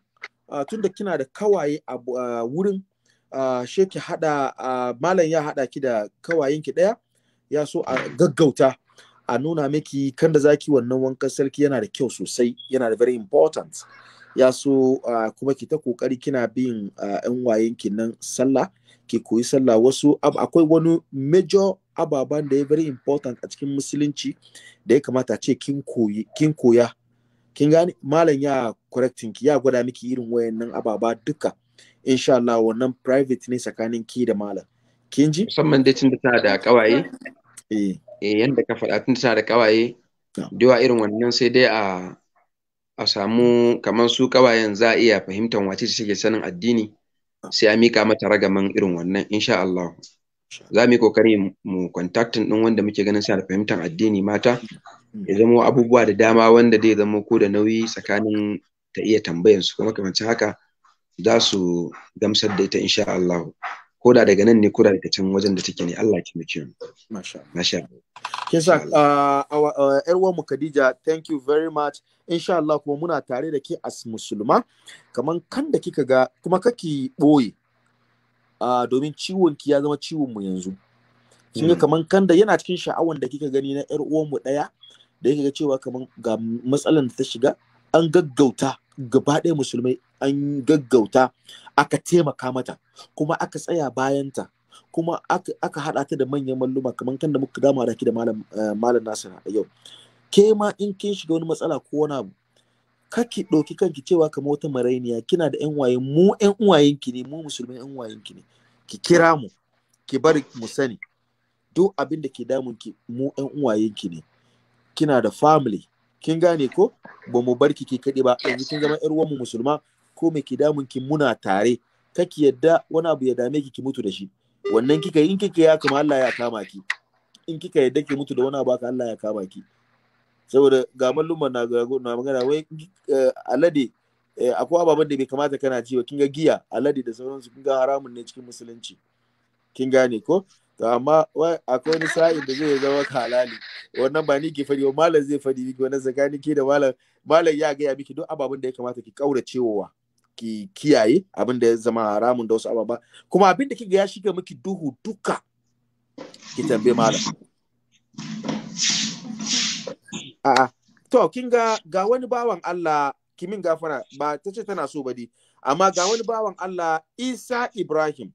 uh, tunda kina da kawaye a wurin uh, ah, sheki hada uh, malam ya hada ki da kawayenki daya ya so a gaggauta a nuna miki kan da zaki wannan wankan sarki yana da kyau sosai yana da very important ya so kuma ki ta kokari kina bin yan uh, wayenki nan sallah ki koyi sallah wasu akwai wani major ababen da ya very important a cikin musulunci da ya kamata ce kin koyi kin koya kin gani malam ya correcting ki ya gwada miki irin wayannan ababa duka insha Allah wannan private ne tsakanin ki da malam kin ji musamman dai tunda tana da kawaye eh eh yanda ka faɗa tunda tana da kawaye da irin wannan sai dai a a samu kamar su kawayen za a iya fahimtar wace ce take sanin addini sai a mika mata ragaman irin wannan insha Allah za mu yi kokari mu contacting din wanda muke ganin suna da fahimtar addini mata ya zama abubuwa da dama wanda zai zama ko da nauyi tsakanin ta iya tambayan su kuma kamar haka za su gamsar da ita insha Allah ko da daga nan ne ko da daga can wajen da take ne Allah ya taimake mu masha Allah sa yar uwar mu Khadija thank you very much insha Allah kuma muna tare da ke as musulma kaman kan da kika ga kuma kake boye uh, domin ciwon ki ya zama ciwon mu yanzu kin ga hmm. kaman kanda yana cikin sha'awan da kika gani na yar uwan mu daya da yake ga cewa kaman ga matsalan ta shiga an gaggauta gaba ɗaya musulmai an gaggauta aka taimaka mata kuma aka tsaya bayanta kuma aka haɗa ta da manyan malluma kamar kan da muka dama da ki da eh, malam Nasir a yau ke ma in kin shiga wani matsala ko wani abu kaki ɗauki kanki cewa kamar wata marainiya kina da yan waye mu yan uwayenki ne mu musulmai yan uwayenki ne ki kira mu ki bari mu sani duk abin da ke damun ki mu yan uwayenki ne kina da family kin gane ko ba mu bar ki kaɗai ba yanzu kin zama yar uwanmu musulma ko me ke damun ki muna tare kaki yadda wani abu ya dame ki ki mutu da shi wannan kika in kika ya kama Allah ya kama ki in kika yadda ki mutu da wani abu haka Allah ya kama ki saboda ga malluma na magana wai eh, alade eh, akwai ababen da bai kamata kana ci ba kinga giya alade da sauransu kinga haramun ne cikin musulunci kin gane ko to amma akwai wani sa'in da zai zama halali wannan ba ni ke fadi ba malam zai fadi miki wannan zakani ke da malam malam ya gaya miki duk ababen da ya kamata ki kauracewa ki kiyaye abin da ya zama haramun da wasu ababa kuma abin da kiga ya shiga miki duhu duka ki tambaye malam A'a. To, kin ga ga wani bawan Allah kimin gafara ba ta ce tana so ba di, Amma ga wani bawan Allah Isa Ibrahim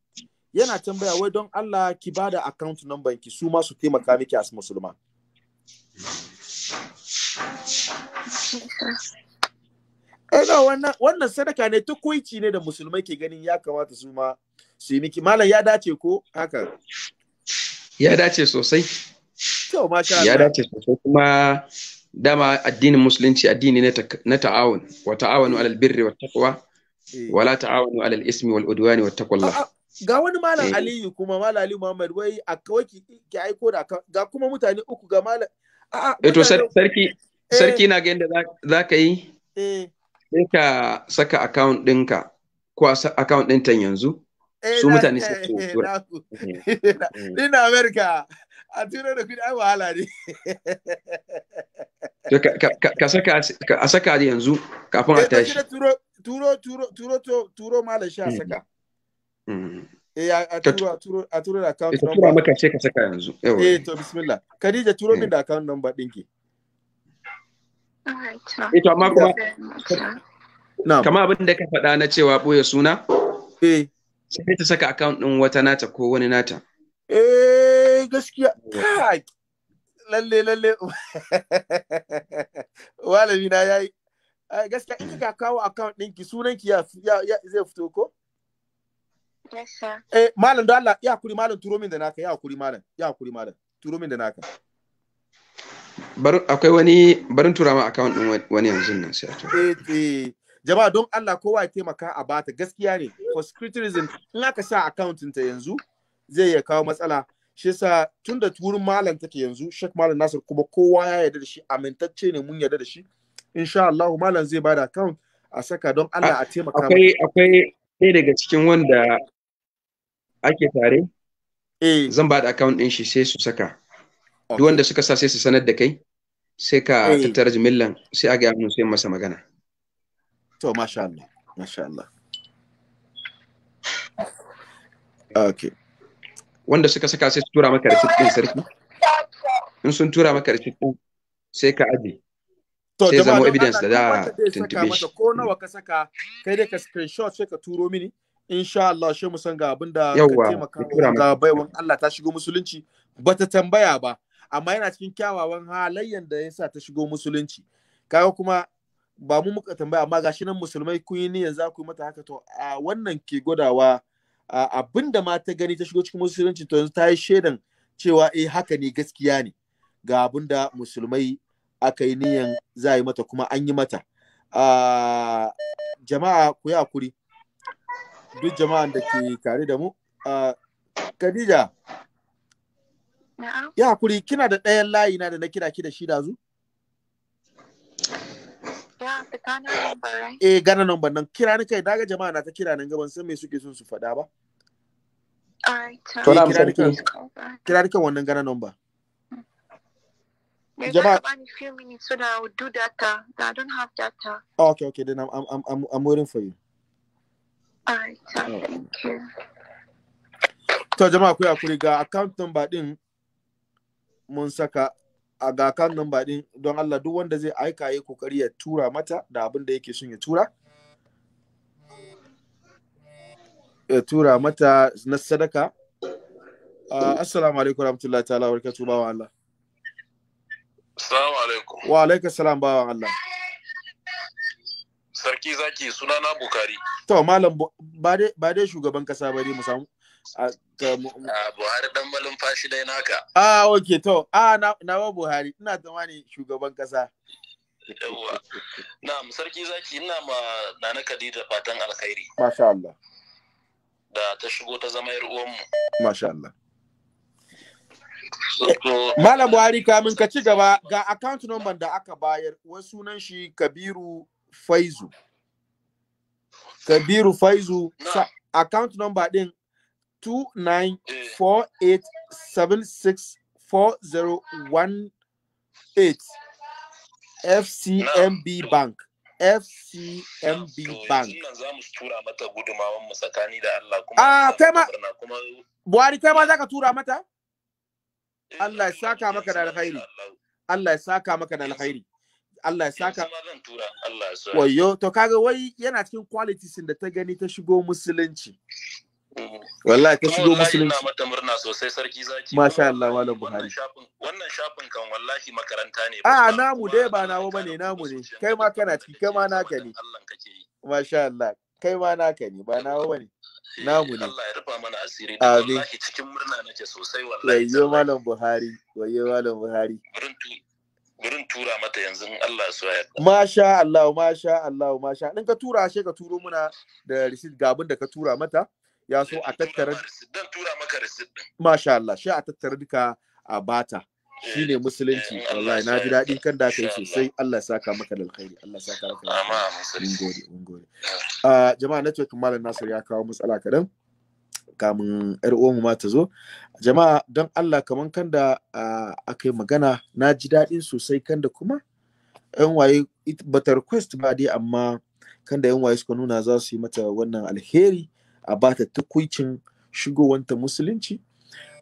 yana tambaya wai don Allah ki bada account number ki su ma su taimaka miki as musulma. Eh, wannan sadaka ne tukuici ne da musulmai ke ganin ya kamata su ma su yi miki malam ya dace ko haka ya dace sosai ya dace sosai kuma dama addinin musulunci addini na ta'awun wa ta'awunu alal birri eh. wa taqwa wala ta'awunu alal ismi wal udwani wa taqwallah ga wani malam eh. aliyu kuma malam aliyu muhammad wai a kawai ki aiko da ga kuma mutane uku ga malam a eh, to sarki sarki na ga yadda za ka yi sai ka saka account ɗinka ko account tan yanzu su mutane su tura. Ina america a tura da kuɗi ai wahala ne ka saka a saka yanzu kafin a eh, tashi turo turo turo turo turo malam sha hmm. saka hmm. eh a turo a turo a turo da account number turo maka ce ka saka yanzu eh to bismillah Khadija turo hmm. min da account number ki eh to amma kuma kama abin da ka faɗa na cewa ɓoye suna eh sai ta saka account ɗin wata nata ko wani nata eh eh gaskiya lalle lalle walami na yayi gaskiya in kika kawo account ɗinki sunan ki ya zai fito ko eh malam don Allah ya kuri malam turo min da naka ya kuri malam ya kuri malam turo min da naka bar akwai wani barin tura ma account din wani yanzu nan sai to. eh eh jama'a don Allah kowa ya taimaka a bata gaskiya ne for security in aka sa account ta yanzu zai ya kawo matsala shi yasa tun da wurin malam take yanzu shek malam nasir kuma kowa ya yarda da shi amintacce ne mun yarda da shi insha Allah malam zai bada account a saka don Allah a taimaka akwai akwai ɗaya daga cikin wanda ake tare eh zan bada account din shi sai su saka duk wanda suka sa sai su sanar da kai sai ka eh. tattara jimillan sai a ga mun sai masa magana to masha Allah masha Allah okay wanda suka saka sai su tura maka receipt din sarki in sun tura maka receipt din sai ka aje sai zama evidence da za a tuntube shi ko nawa ka saka kai dai ka screenshot sai ka turo mini insha Allah shi mu san ga abin da ka taimaka ga baiwan Allah ta shigo musulunci bata tambaya ba amma yana cikin kyawawan halayyan da yasa ta shigo musulunci kaga kuma ba mu muka tambaya amma gashi nan musulmai kun yi niyyar za ku yi mata haka to a wannan ke gwadawa abin da ma ta gani ta shigo cikin musulunci to yanzu ta yi shaidan cewa eh haka ne gaskiya ne ga abin da musulmai aka yi niyan za a yi mata kuma an yi mata jama'a ku yi hakuri duk jama'an da ke tare da mu Khadija ya hakuri kina da ɗayan layi na da na kira ki da shi da zu number, right? Eh, Ghana number nan kira ni kai daga jama'a na ta kira nan gaban san me suke son su fada ba. Alright. Kira ni kan wannan Ghana number. Maybe Jama- I a few minutes so that I would do data. I don't have data. Oh, okay, okay. Then I'm, I'm, I'm, I'm waiting for you. All right, thank you. To jama'a ku ya kuri ga account number din mun saka a ga kan nan ba din don Allah duk wanda zai aika yi kokari ya tura mata da abin da yake son ya tura ya tura mata na sadaka assalamu alaikum warahmatullahi ta'ala barkatu wa Allah assalamu alaikum wa alaikum salam wa Allah sarki zaki sunana bukari to malam ba dai shugaban kasa bari mu samu Ah, Buhari dan malin fashi dai naka. Ah, ok, to, ah, na ba Buhari, ina zama ne shugaban kasa. Yawwa, na sarki zaki ina ma Nana Khadija fatan alkhairi. Masha Allah. Da ta shigo ta zama yar uwanmu. Masha Allah. Malam Buhari kamin ka ci gaba ga account number da aka bayar wasu sunan shi Kabiru Faizu. Kabiru Faizu account number din 2948764018 eh. FCMB Bank FCMB Bank Ah tema. Buhari kai ma zaka tura mata eh, Allah ya saka maka da alkhairi Allah ya saka maka da alkhairi Allah ya saka wayo to kaga wai yana cikin qualities da ta gani ta shigo musulunci wallahi ka shigo musulunci ina mata murna sosai sarki zaki masha Allah malam Buhari wannan shafin kan wallahi makaranta ne ah, a namu dai ba nawo bane namu ne kai ma kana ciki kai ma naka ne masha Allah kai ma naka ne ba nawo bane eh, namu ne Allah ya rufa mana asiri wallahi cikin murna nake sosai wallahi wayyo malam Buhari wayyo malam Buhari gurin tura mata yanzu Allah su ya masha Allah masha Allah masha in ka tura she ka turo muna da receipt da ka tura mata ya so a tattara dan tura maka receipt din masha Allah shi a tattara duka a bata shi ne eh, musulunci eh, wallahi na ji daɗin kan da kai sosai Allah ya saka maka da alkhairi Allah ya saka maka amin gode mun gode ah, jama'a network malam Nasir ya kawo matsala kadan kamun yar uwanmu ma ta zo jama'a don Allah kaman kan da ah, aka yi magana na ji daɗin sosai kan da kuma yan waye bata request ba dai amma kan da yan waye suka nuna za su yi mata wannan alheri a ba ta tukuicin shigowanta musulunci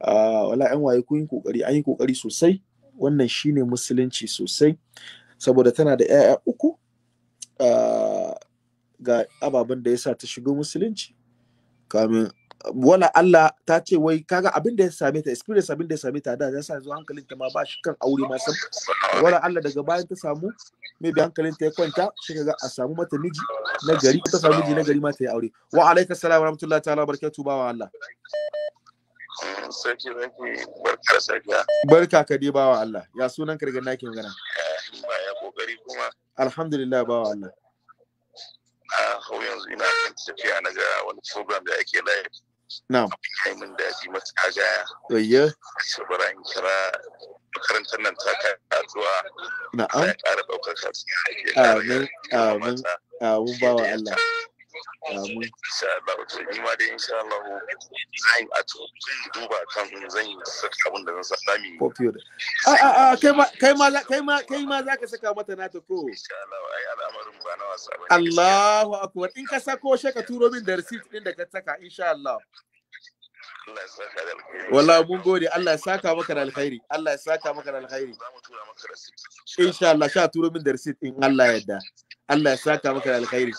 ah, wala yan waye kun yi kokari an yi kokari sosai wannan shine musulunci sosai saboda tana da 'ya'ya uku ah, ga ababen da yasa ta shigo musulunci kamin wala Allah ta ce wai kaga abin da ya same ta experience abin da ya same ta da ya sa zuwa hankalin ta ma ba shi kan aure ma san wala Allah daga bayan ta samu me bi hankalin ta ya kwanta shi kaga a samu mata miji na gari ta samu miji na gari ma ta yi aure wa alaikum salam wa rahmatullahi ta'ala barakatu ba wa Allah sarki zaki barka safiya barka ka dai wa Allah ya sunan ka daga nake magana ba ya kokari kuma alhamdulillah wa Allah a hau yanzu ina kan tafiya na ga wani program da ake live na'am ya min daji matuƙa gaya yayya saboda in kira makarantar nan ta kai addu'a na'am ya ƙara ɗaukar kasu amin amin amin bawa Allah Insha Allah. Ni ma dai insha Allah zan zan duba kan zan yi abin da zan sa A a a kai ma kai ma zaka saka mata nata ko. na wasa bane. In ka sako sai ka turo min da receipt din da ka saka insha Wallah mun gode Allah ya saka maka da alkhairi Allah ya saka maka da alkhairi insha Allah sha turo min da in Allah ya yarda Allah ya saka maka da alkhairi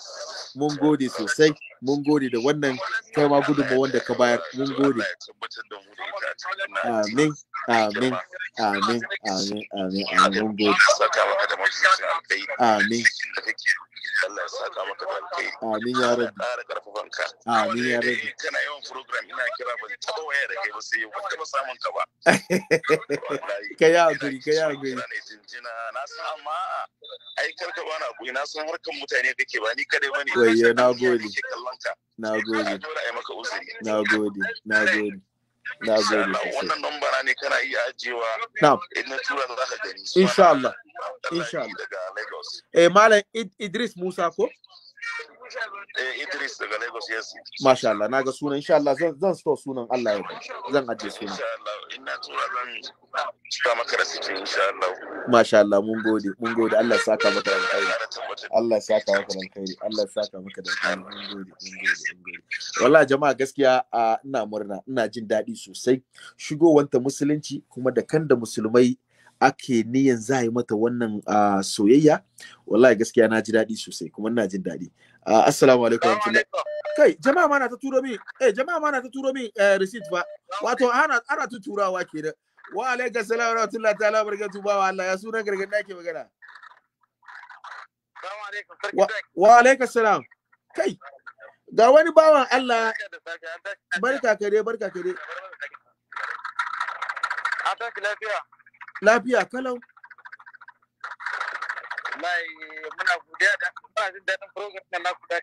mun gode sosai mun gode da wannan kai ma gudunmu wanda ka bayar mun gode amin amin amin amin amin amin gode amin Allah amin ya rabbi amin ya rabbi eh, kana yawan program ina kira ban taba waya da kai ba sai ban ka ba na san na na san kadai na gode na gode na gode na gode na gode wannan nambara ne kana iya ajewa na'am in na tura za ka gani insha Allah insha Allah eh malam Idris Musa ko Eh, Idris daga Lagos yes. Masha Allah, na ga sunan insha Allah zan so sunan Allah ya zan ajiye sunan. Insha Allah, ina tura zan shiga maka rasiti insha Allah. Masha Allah, mun gode, mun gode Allah ya saka maka da alkhairi. Allah ya saka maka da alkhairi, Allah ya saka maka da alkhairi. Mun gode, mun gode, mun gode. Wallahi jama'a gaskiya ah, ina murna, ina jin daɗi sosai. Shigowanta musulunci kuma da kan da musulmai ake niyan za yi mata wannan soyayya wallahi gaskiya na ji daɗi sosai kuma na jin daɗi assalamu alaikum kai jama'a ma na ta turo min eh jama'a ma na ta turo min eh, receipt fa wato ana ana ta turawa kenan wa alaikum assalamu wa rahmatullahi ta'ala barkatu ba Allah ya sunan da nake magana wa alaikum assalam kai ga wani bawan Allah barka kare barka kare a lafiya Lafiya kalau. Wallahi muna godiya da muna jin daɗin program na naku da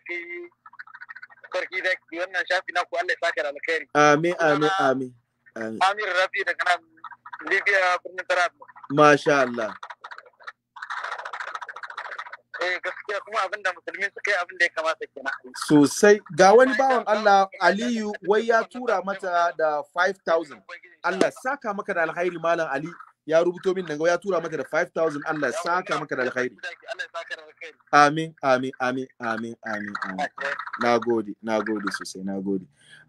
sarki da wannan shafi Allah ya saka da alkhairi. Amin amin amin. amin Rabi daga nan Libya birnin Masha Allah. eh gaskiya kuma abinda musulmi suka yi abin da ya kamata kenan sosai ga wani bawan Allah Aliyu wai ya tura mata da 5000 Allah saka maka da alkhairi malam Ali ya rubuto min nan ya tura maka da 5000 Allah ya saka maka da alkhairi amin amin amin amin amin amin nagode nagode sosai nagode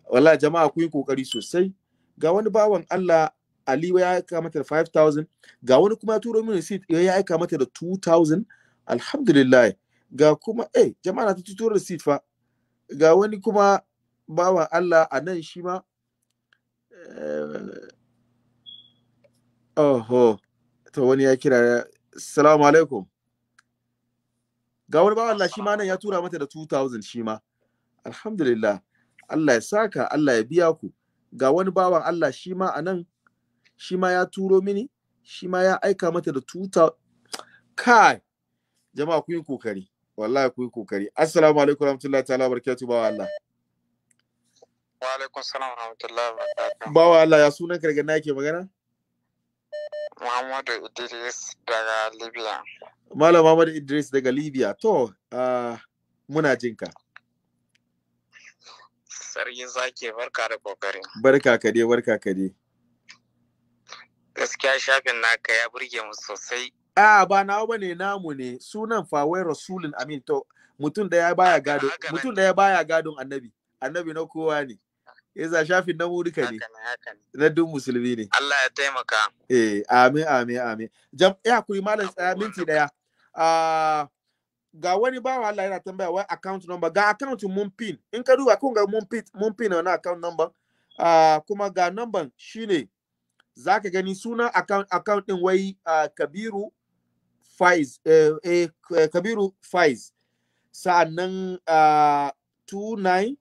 wallahi jama'a ku yi kokari sosai ga wani bawan Allah Ali ya aika mata da 5000 ga wani kuma ya tura min receipt ya aika mata da 2000 alhamdulillah ga kuma eh jama'a na ta tura receipt fa ga wani kuma bawan Allah a nan shi ma eh, Oho, to wani ya kira Salamu alaikum. Ga wani bawan Allah shi ma nan ya tura mata da 2000 shi ma. Alhamdulillah. Allah ya saka, Allah ya biya ku. Ga wani bawan Allah shi ma a nan shi ma ya turo mini, shi ma ya aika mata da 2000. Kai, jama'a ku yi kokari. Wallahi ku yi kokari. Assalamu alaikum warahmatullahi ta'ala barakatuh bawan Allah. Wa alaikum salam warahmatullahi Ba Bawan Allah ya sunan karga na yake magana? Muhammadu Idris daga Libya. Malam Muhammadu Idris daga Libya. To, uh, muna jinka. Sarki zaki barka da kokari. Barka ka dai, barka ka dai. Gaskiya shafin naka ya burge mu sosai. A ba nawa bane namu ne sunan fawai rasulun amin to mutum da ya baya gado mutum da ya baya gadon annabi annabi na kowa ne. Yasa shafin na mu ne. Na duk musulmi ne. Allah ya taimaka. Eh, amin, amin, amin. Jam, ya eh, kuri malam tsaya minti daya. Ah, ga wani bawa Allah yana tambaya wa account number ga account mun pin in ka duba kun ga mun pin mun pin wannan account number ah, kuma ga number shine ka gani sunan account account din wai ah, Kabiru Faiz eh, eh, Kabiru Faiz sa'annan uh, 29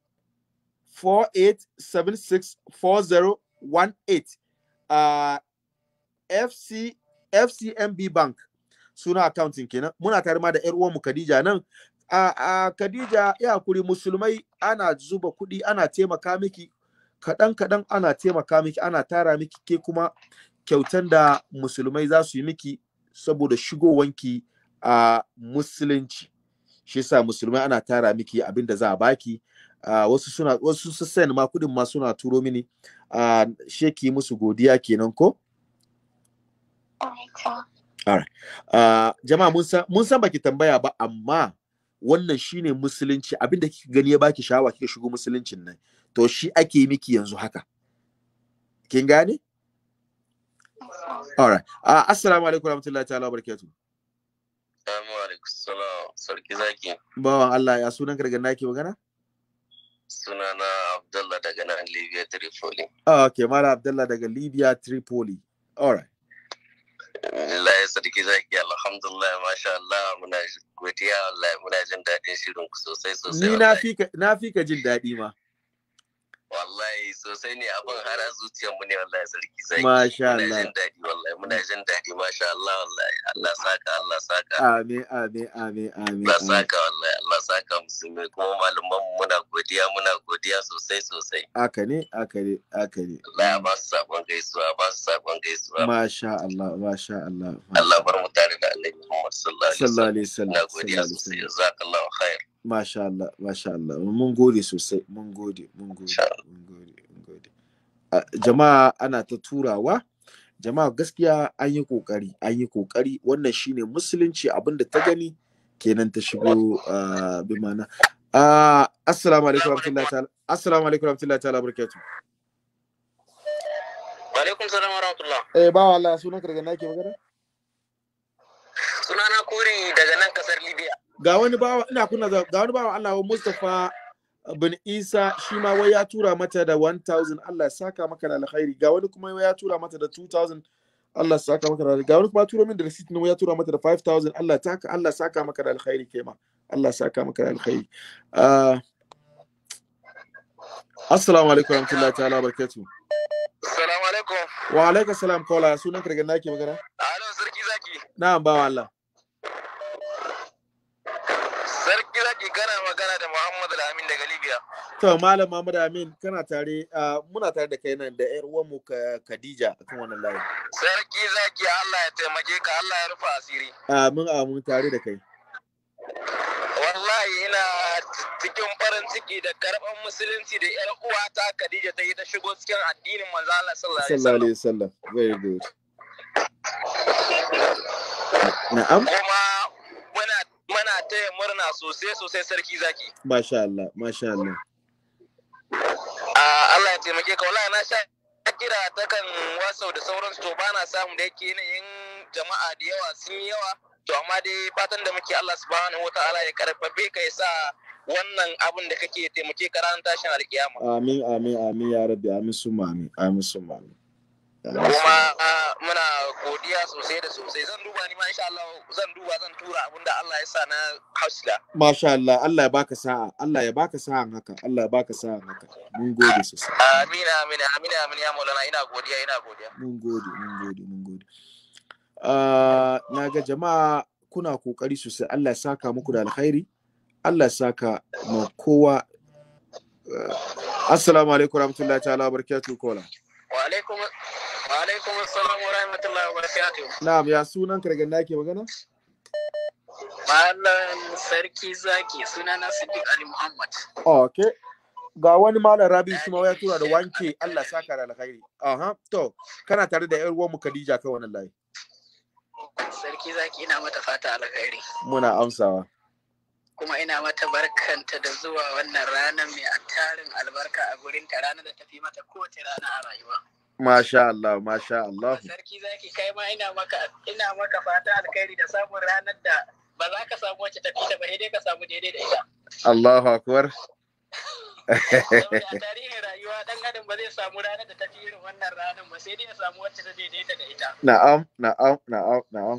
48764018 a FC FCMB Bank suna accounting kenan muna tare ma da ƴar uwanmu Khadija nan a, a Khadija ya kuri musulmai ana zuba kuɗi ana taimaka miki kaɗan kaɗan ana taimaka miki ana tara miki ke kuma kyautan da musulmai za su yi miki saboda shigowanki a musulunci shi yasa musulmai ana tara miki abin da za a baki Ah, wasu suna wasu su send ma kudin ma suna turo mini uh, ah, sheki musu godiya kenan ko Alright. Ah, jama'a mun san mun san baki tambaya ba amma wannan shine musulunci abinda kika gani ya baki sha'awa kika shigo musuluncin nan to shi ake yi miki yanzu haka kin gane right Uh, assalamu alaikum warahmatullahi ta'ala barakatuh. Assalamu alaikum. Sarki zaki. Bawan Allah ya sunan daga naki magana? sunana Abdullah daga nan Libya Tripoli. Ah, okay, Mara Abdullah daga Libya Tripoli. All right. Allah ya sadiki zaki alhamdulillah masha Allah muna godiya Allah muna jin daɗin shirin ku sosai sosai. Ni na fi ka jin daɗi ma. wallahi sosai ne abin har a zuciyar mu ne wallahi sarki sai masha Allah muna jin dadi wallahi muna jin dadi masha Allah wallahi Allah saka Allah saka amin amin amin amin Allah saka wallahi Allah saka musulmi kuma malaman muna godiya muna godiya sosai sosai aka ne aka ne aka ne Allah ba su sakon gaisuwa ba su sakon gaisuwa masha Allah masha Allah Allah bar mu tare da Allah Muhammad sallallahu alaihi wasallam na godiya sosai jazakallahu khair Masha Allah, Masha Allah. Mun gode sosai, mun gode, mun gode, mun gode, mun gode. Jama'a ana ta turawa, jama'a gaskiya an yi kokari, an yi kokari. Wannan shine musulunci abinda ta gani kenan ta shigo bi mana. Assalamu alaikum warahmatullahi ta'ala. Assalamu alaikum warahmatullahi ta'ala barakatuh. Wa alaikum salam warahmatullah. Eh ba Allah sunan ka daga nake magana? Sunana kuri da ga wani bawa ina kunna ga wani bawa Allah Mustafa bin Isa shi ma wai ya tura mata da 1000 Allah ya saka maka da alkhairi ga wani kuma ya tura mata da 2000 Allah ya saka maka da ga wani kuma tura min da receipt ne ya tura mata da 5000 Allah ya Allah ya saka maka da alkhairi ke ma Allah ya saka maka da alkhairi ah, Assalamu alaikum warahmatullahi ta'ala barkatu. Assalamu alaikum Wa alaikum salam kola sunan kargan nake magana Alo sarki zaki Na'am ba Allah To Malam Mahmud Amin kana tare muna tare da kai nan da ƴar uwanmu Khadija akan wannan layi. Sarki zaki Allah ya taimake ka Allah ya rufa asiri. Amin amin tare da kai. Wallahi ina cikin farin ciki da karɓar musulunci da ƴar uwata Khadija ta yi ta shigo cikin addinin manzo Allah sallallahu alaihi wasallam. Very good. Na'am. Kuma muna muna taya murna sosai sosai sarki zaki. Masha Allah, masha Allah. Allah ya taimake ka wallahi na sha kira ta kan wasau da sauransu to ba na samu da yake yanayin jama'a da yawa sun yi yawa to amma dai fatan da muke Allah subhanahu wataala ya karfafe ka yasa wannan abin da kake taimake ka ranar tashin alkiyama amin amin amin ya rabbi amin summa amin amin amin kuma muna godiya sosai da sosai zan duba ni ma insha Allah zan duba zan tura abin da Allah ya sa na hausila masha Allah Allah ya baka sa'a Allah ya baka sa'a haka Allah ya baka sa'a haka mun gode sosai amin amin amin amin ya maulana ina godiya ina godiya mun gode mun gode mun gode ah, na ga jama'a kuna kokari sosai Allah ya saka muku da alkhairi Allah ya saka ma kowa ah, assalamu alaikum warahmatullahi ta'ala barakatuh kola Wa alaikum assalam wa rahmatullahi wa barakatuhu. Na'am ya sunan kargan da magana? Malam Sarki Zaki sunana Siddiq Ali Muhammad. Okay. Ga wani Malam Rabi kuma ya tura da wanke Allah saka da alkhairi. Aha, to kana tare da ƴar uwarmu Khadija kan wannan layi. Sarki Zaki ina mata fata alkhairi. Muna amsawa. kuma ina mata barkanta da zuwa wannan ranar mai tarin albarka a gurin ta ranar da tafi mata kowace rana a rayuwa. Masha Allah, masha Allah. Sarki zaki kai ma ina maka ina maka fata alkhairi da samun ranar da ba za ka samu wacce tafi ta ba sai dai ka samu daidai da ita. Allahu akbar. tarihin rayuwa dan adam ba zai samu ranar da tafi irin wannan ranar ba sai dai ya samu wacce ta daidaita da ita. Na'am, na'am, na'am, na'am.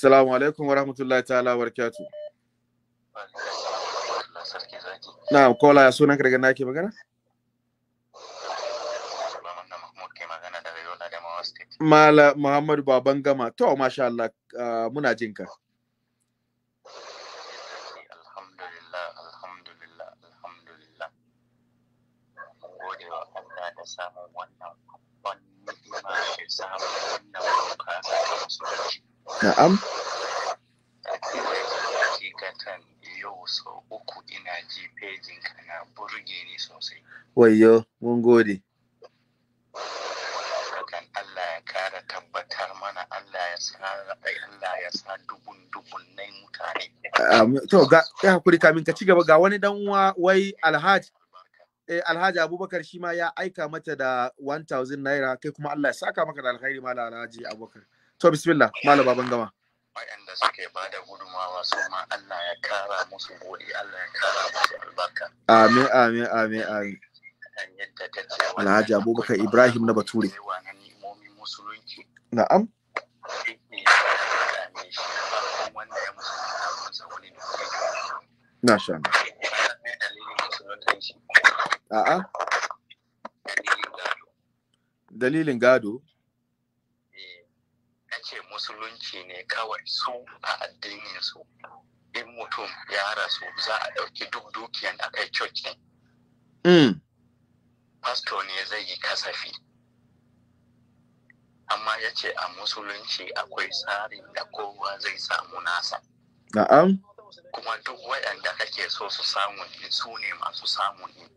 Assalamu alaikum wa rahmatullahi ta'ala wa rikatu. Na kola ya sunan daga nake magana? Mala Muhammadu Baban Gama, to masha Allah ah, muna jinka. Na'am. Hakikatan yau sau uku ina ji pejin na burge ni sosai. Wayyo, mun gode. Hakan Allah ya kara tabbatar mana Allah ya sa Allah ya sa dubun dubun nai mutane. To ga ya hakuri kamin ka ci gaba ga wani dan uwa wai Alhaji eh, Alhaji Abubakar shi ma ya aika mata da 1000 naira kai kuma Allah ya saka maka da alkhairi mala Alhaji Abubakar. to bismillah malam baban gama waɗanda suke ba da gudumawa su ma Allah ya kara musu Allah ya kara musu albarka amin amin amin amin Alhaji Abubakar Ibrahim na Bature na'am na sha a'a dalilin gado musulunci ne kawai su a addininsu. su in mutum ya rasu za a ɗauki duk dukiyan a kai church ne. Mm. Pasto ne zai yi kasafi. Amma ya ce a musulunci akwai tsarin da kowa zai samu nasa. Na'am. Kuma duk waɗanda kake so su samu ne su ne masu samu ne.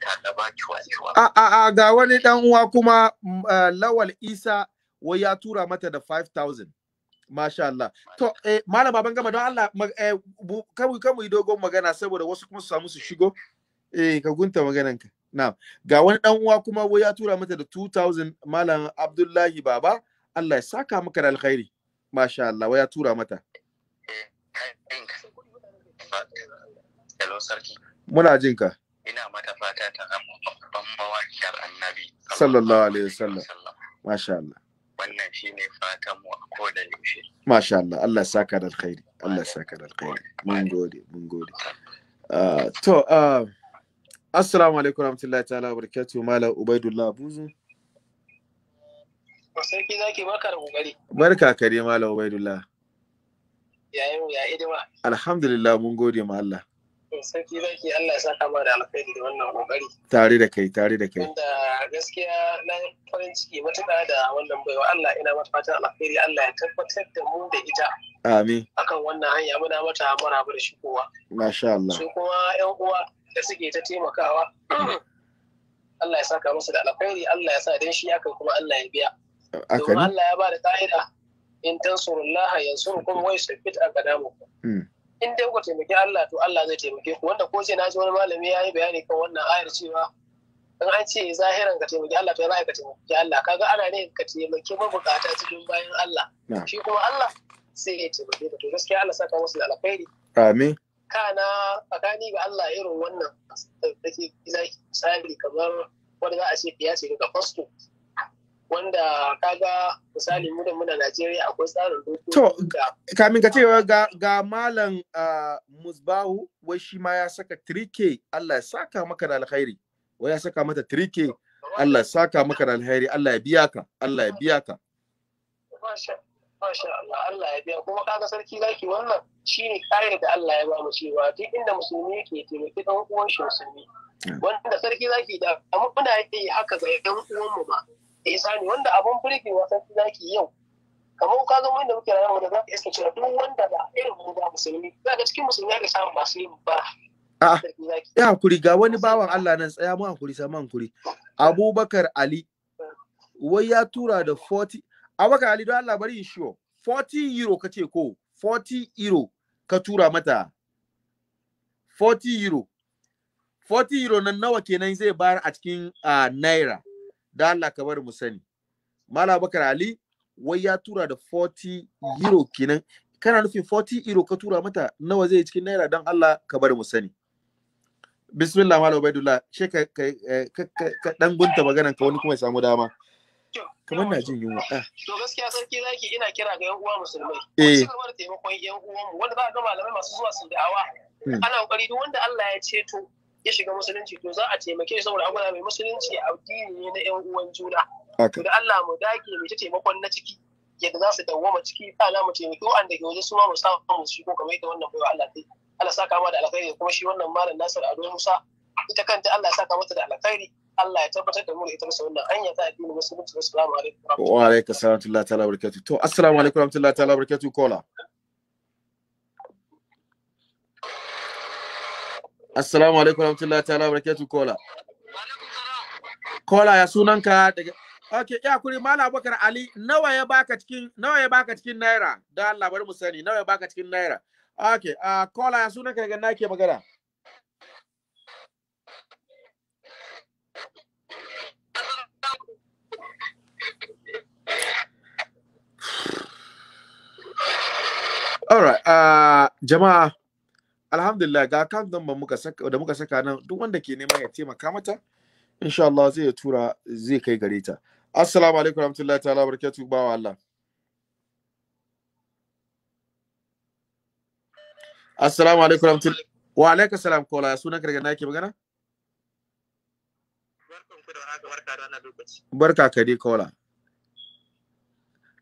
Ka cuwa-cuwa. A, a, ga wani ɗan uwa kuma mm, eh, Lawal Isa wai ya tura mata da 5000 masha Allah to eh mana baban gama don Allah eh, kamu yi dogon magana saboda wasu kuma su samu su shigo eh ka gunta maganan ka ga wani dan uwa kuma wai ya tura mata da 2000 malam Abdullahi baba Allah ya saka maka da alkhairi masha Allah wai ya tura mata Hello sarki muna jin ka ina mata fata ta babban mawakiyar annabi sallallahu alaihi wasallam masha Allah wannan shi ne fatanmu a koda yaushe masha Allah Allah ka da alkhairi Allah sa ka da alkhairi mun gode mun gode ah, to ah, assalamu alaikum warahmatullahi ta'ala barakatuh malam ubaidullah buzu sarki zaki baka da kokari barka kare malam ubaidullah ya yau ya hidima alhamdulillah mun gode ma Allah sarki za zaki Allah ya saka ma da alkhairi da wannan kokari tare da kai tare da kai da gaskiya na farin ciki matuƙa da wannan baiwa Allah ina mata fatan alkhairi Allah ya tabbatar da mu da ita amin akan wannan hanya muna mata mara maraba da shigowa masha Allah su kuma ƴan uwa da suke ta taimakawa Allah ya saka musu da alkhairi Allah ya sa dan shi hakan kuma Allah ya biya domin Allah ya ba da ka'ida in tansurullaha yansurukum wa yusabbit aqdamakum hmm. in dai ku taimaki Allah to Allah zai taimake ku wanda ko ce na ji wani malami ya yi bayani kan wannan ayar cewa in an ce zahiran ka taimaki Allah to za ka taimaki Allah kaga ana ne ka taimaki mabukata cikin bayan Allah shi kuma Allah sai ya taimake ka to gaskiya Allah saka musu da alkhairi amin kana tsakani ga Allah irin wannan da eh, ke zaki kamar wanda za a ce fiya ce ga fasto wanda kaga misali mu da muna Najeriya akwai tsarin dokoki. To, kamin ka cewa ga, ga malam ah, Musbahu wai shi ma ya saka trike Allah ya saka maka da alkhairi. Wai ya saka mata trike Allah ya saka maka da alkhairi Allah ya biya ka Allah ya biya ka. Masha Allah Allah ya biya kuma kaga sarki zaki wannan ne kare da Allah ya ba mu cewa duk inda musulmi yake taimaki dan uwan shi musulmi. Ah. Wanda sarki zaki da amma muna yi haka ga yan uwan mu ba. ihsani wanda abun burge wasan zaki yau kamar ka zama inda muke rayuwa da zaka iska cewa duk wanda ba irin mu ba musulmi za ka cikin musulmi ga samu masu yin ba ya hakuri ga wani bawan Allah nan tsaya mu hankuri sai mu hankuri Abubakar Ali wai ya tura da 40 Abubakar Ali don Allah bari shiwo 40 euro kace ko 40 euro ka tura mata 40 euro 40 euro nan nawa kenan zai bayar a cikin ah, naira da Allah ka bari mu sani Malam Bakar Ali wai ya tura da 40 euro kenan kana nufin 40 euro ka tura mata nawa zai cikin naira don Allah ka bari mu sani bismillah malam ubaidullah she ka ka eh, dan gunta maganan ka wani kuma ya samu dama kamar na jin yunwa ah. to gaskiya sarki zaki ina kira ga yan uwa musulmai eh taimakon yan uwa mu wanda ba ga malamai masu zuwa su da'awa hmm. ana kokari duk wanda Allah ya ceto ya shiga musulunci to za a taimake shi saboda abubuwa mai musulunci addini ne na 'yan uwan juna. To da Allah mu dage mai ta taimakon na ciki yadda za su dawwama ciki kana mu taimaki wanda ke waje su ma mu samu mu ko kamar yadda wannan baiwa Allah ta Allah saka ma da alkhairi kuma shi wannan malam Nasir Ado Musa ita kanta Allah ya saka mata da alkhairi Allah ya tabbatar da mu da ita musu wannan hanya ta addini musulunci assalamu alaikum wa alaikum salamu alaikum to assalamu alaikum warahmatullahi ta'ala barakatuh kola Assalamu alaikum warahmatullahi ta'ala barakatuh kola. Kola ya sunanka daga Okay, ya kuri Malam Abubakar Ali nawa ya baka cikin nawa ya baka cikin naira? Da Allah bari mu sani nawa ya baka cikin naira. Okay, uh, kola ya sunanka daga nake magana. All right, uh, jama'a alhamdulillah ga account number muka saka da muka saka nan duk wanda ke neman ya taimaka mata insha Allah zai tura zai kai gare ta assalamu alaikum warahmatullahi ta'ala barakatuh bawa Allah assalamu alaikum warahmatullahi wa alaikum assalam kola sunan karga nake magana barka Kadi kola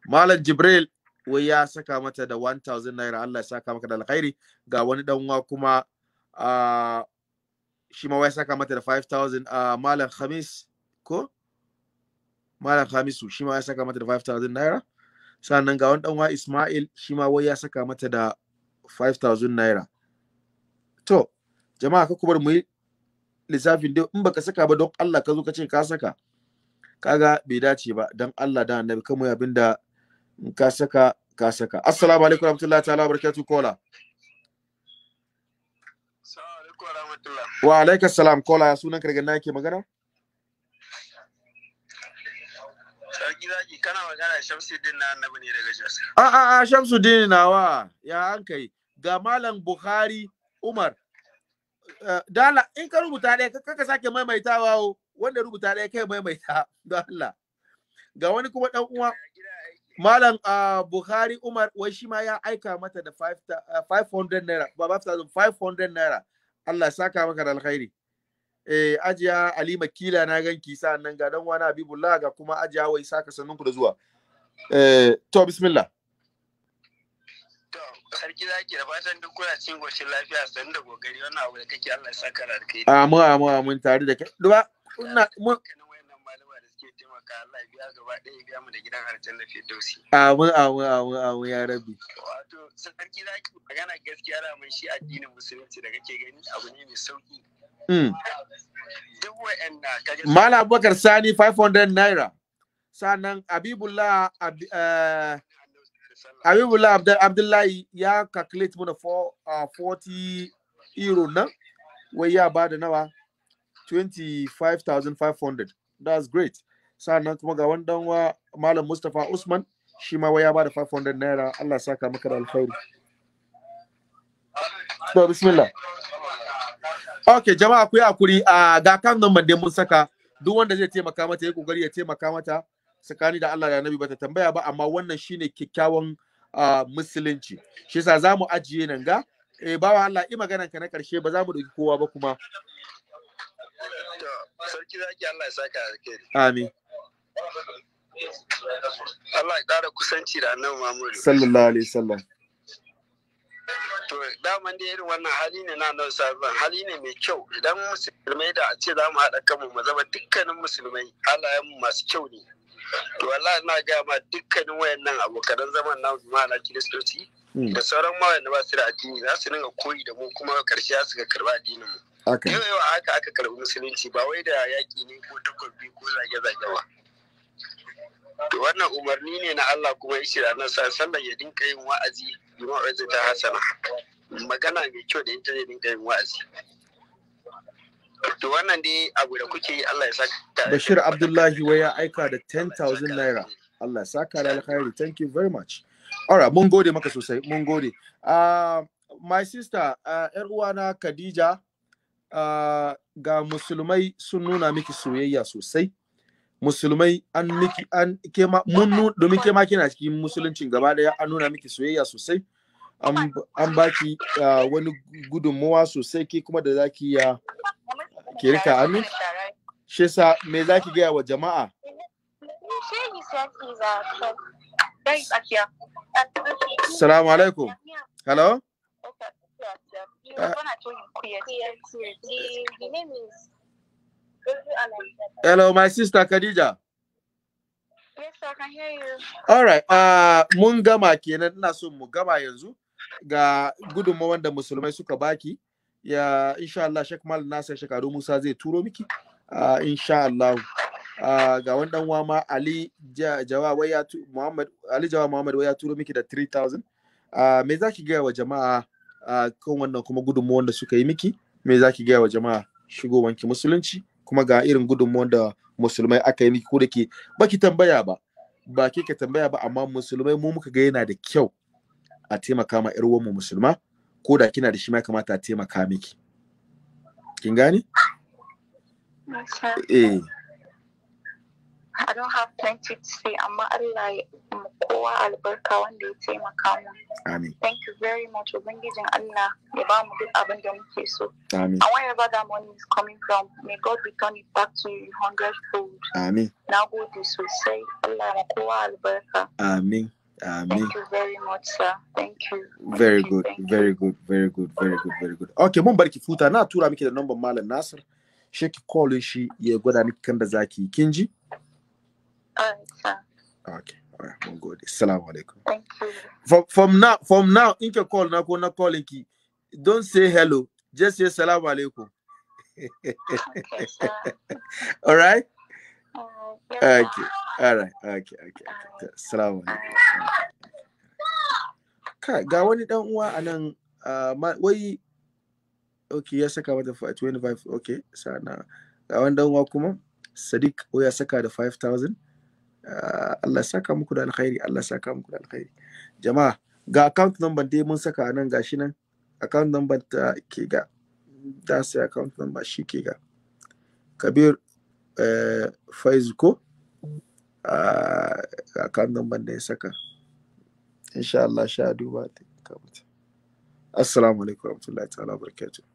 malam jibril wai ya saka mata da 1000 naira Allah ya saka maka da alkhairi ga wani danwa kuma uh, shi ma wai saka mata da 5000 uh, malam khamis ko malam khamisu shi ma ya saka mata da 5000 naira sannan ga wani danwa ismail shi ma wai ya saka mata da 5000 naira to jama'a ka kubar mu lissafin dai in baka saka ba don Allah ka zo ka ce ka saka kaga bai dace ba don Allah da annabi kamar abinda ka saka ka saka assalamu alaikum warahmatullahi ta'ala barakatuh kola wa alaikum salam kola ya sunan ka daga na yake magana kana magana Shamsuddin na a a a nawa ya an kai ga malam Bukhari Umar eh, dala in ka rubuta ɗaya kaka sake maimaitawa wanda rubuta ɗaya kai maimaita don Allah ga wani kuma ɗan uwa Malam uh, Buhari Umar wai shi ma ya aika mata da 500 ah, naira, ba 500 naira. Allah saka maka da alkhairi. Eh, ajiya Ali Makila na ganki sa'an nan ga dan wani Habibullah ga kuma ajiya wai saka ku da zuwa. Eh, to bismillah. sarki zaki da fatan duk kuna cin goshin lafiya san da gogari wannan abu da kake Allah ya saka da alkhairi. Amin amin amin tare da kai. Duba ina mun roƙa Allah biya gaba ɗaya biya mu da gidan aljanna fi dausi. Amin amin amin amin ya rabi. Wato sarki magana gaskiya da mun shi addinin musulunci da kake gani abu ne mai sauki. Hmm. Malam Abubakar Sani 500 naira. Sannan Abibullah Abibullah eh, Abdullahi ya calculate mana 40 uh, euro nan. Wai ya bada nawa? 25,500. That's great. sa'annan kuma ga wani danwa malam mustapha usman shi ma waya ba da 500 naira allah saka maka da alkhairi to bismillah ok jama'a ku yi hakuri a ga kan nan dai mun saka duk wanda zai taimaka mata ya kokari ya taimaka mata tsakani da Allah da nabi bata tambaya ba amma wannan shine kyakkyawan musulunci shi yasa mu ajiye nan ga eh bawa Allah i maganan ka na karshe ba za mu ɗauki kowa ba kuma sarki zaki Allah ya saka amin Allah ya ƙara kusanci da annabi Muhammadu. Sallallahu alaihi wasallam. To daman da irin wannan hali ne na nan sabon hali ne mai kyau idan musulmai da a ce za mu haɗa kanmu mu zama dukkanin musulmai halayen masu kyau ne. To Allah na gaya ma dukkanin wayannan abokan zaman na ma'ana kiristoci hmm. da sauran mawayanda ba su da addini za su dinga koyi da mu kuma karshe za su ga addinin mu. Yau yau haka aka karɓi musulunci ba wai da yaƙi ne ko takobi ko zage-zage ba. wannan umarni ne na Allah kuma ya shirya na sa, sallan ya dinka yin wa'azi a ma'azi ta hasana magana mai kyau da ita zai dinka yin wa'azi to wannan dai abu da kuke yi Allah ya saka Bashir Abdullahi waya aika da 10000 naira Allah ya saka da alkhairi thank you very much alright mun gode maka sosai mun gode uh, my sister uh, yar uwana Khadija uh, ga musulmai sun nuna miki soyayya sosai musulmai an miki an ke ma mun domin ke ma kina cikin musuluncin gaba daya an nuna miki soyayya sosai an baki wani gudunmuwa sosai ke kuma da zaki ya ke rika amin shi yasa me zaki gaya wa jama'a Salamu alaikum. Hello? Uh, Hello, my sister Khadija. Yes, sir, I can hear you. All right. Uh, mun gama kenan ina so mu gama yanzu ga gudunmawar da musulmai suka baki. Ya insha Allah Sheikh Mal Nasir Shekaru Musa zai turo miki. Uh, insha Allah. Uh, ga wani dan wama Ali Jawa waya Muhammad Ali Jawa Muhammad waya turo miki da 3000. Uh, me zaki gaya wa jama'a uh, kan wannan kuma gudunmawar da suka yi miki? Me zaki gaya wa jama'a wanki musulunci? kuma ga irin gudunmuwan da musulmai aka yi ko da ke baki tambaya ba ba ke ka tambaya ba amma musulmai mu muka ga yana da kyau a taimaka ma ƴar mu musulma ko da kina da shi ma kamata a taimaka miki kin gane eh I don't have plenty to say amma Allah ya kowa albarka wanda ya taimaka mu. Amin. Thank you very much Ubangijin Allah ya ba mu duk abin da muke so. Amin. And wherever that money is coming from may God return it back to you hundredfold. Amin. Na gode sosai Allah ya kowa albarka. Amin. Amin. Thank you very much, sir. Thank you. Very good, very good, very good, very good, very good. Okay, mun barki futa na tura miki da number Malam Nasir. Sheki call shi ya gwada miki kan da zaki kin ji? Okay. All right. Mun Assalamu alaikum. Thank you. From, from now, from now, in call na ko na call don don't say hello. Just say salamu alaikum. okay, sir. All right. Uh, okay. All right. Okay. Okay. alaikum. ga wani dan uwa wai okay ya saka mata 25 okay sana ga wani dan uwa kuma Sadiq wai ya saka da 5000 Ah, Allah saka muku da alkhairi Allah saka muku da alkhairi jama'a ga account number dai mun saka nan gashi nan account number ta ke ga da sai account number shi ke ga kabir eh, faizuko uh, ah, account number da ya saka insha Allah sha duba ta kamata assalamu alaikum warahmatullahi ta'ala barakatuh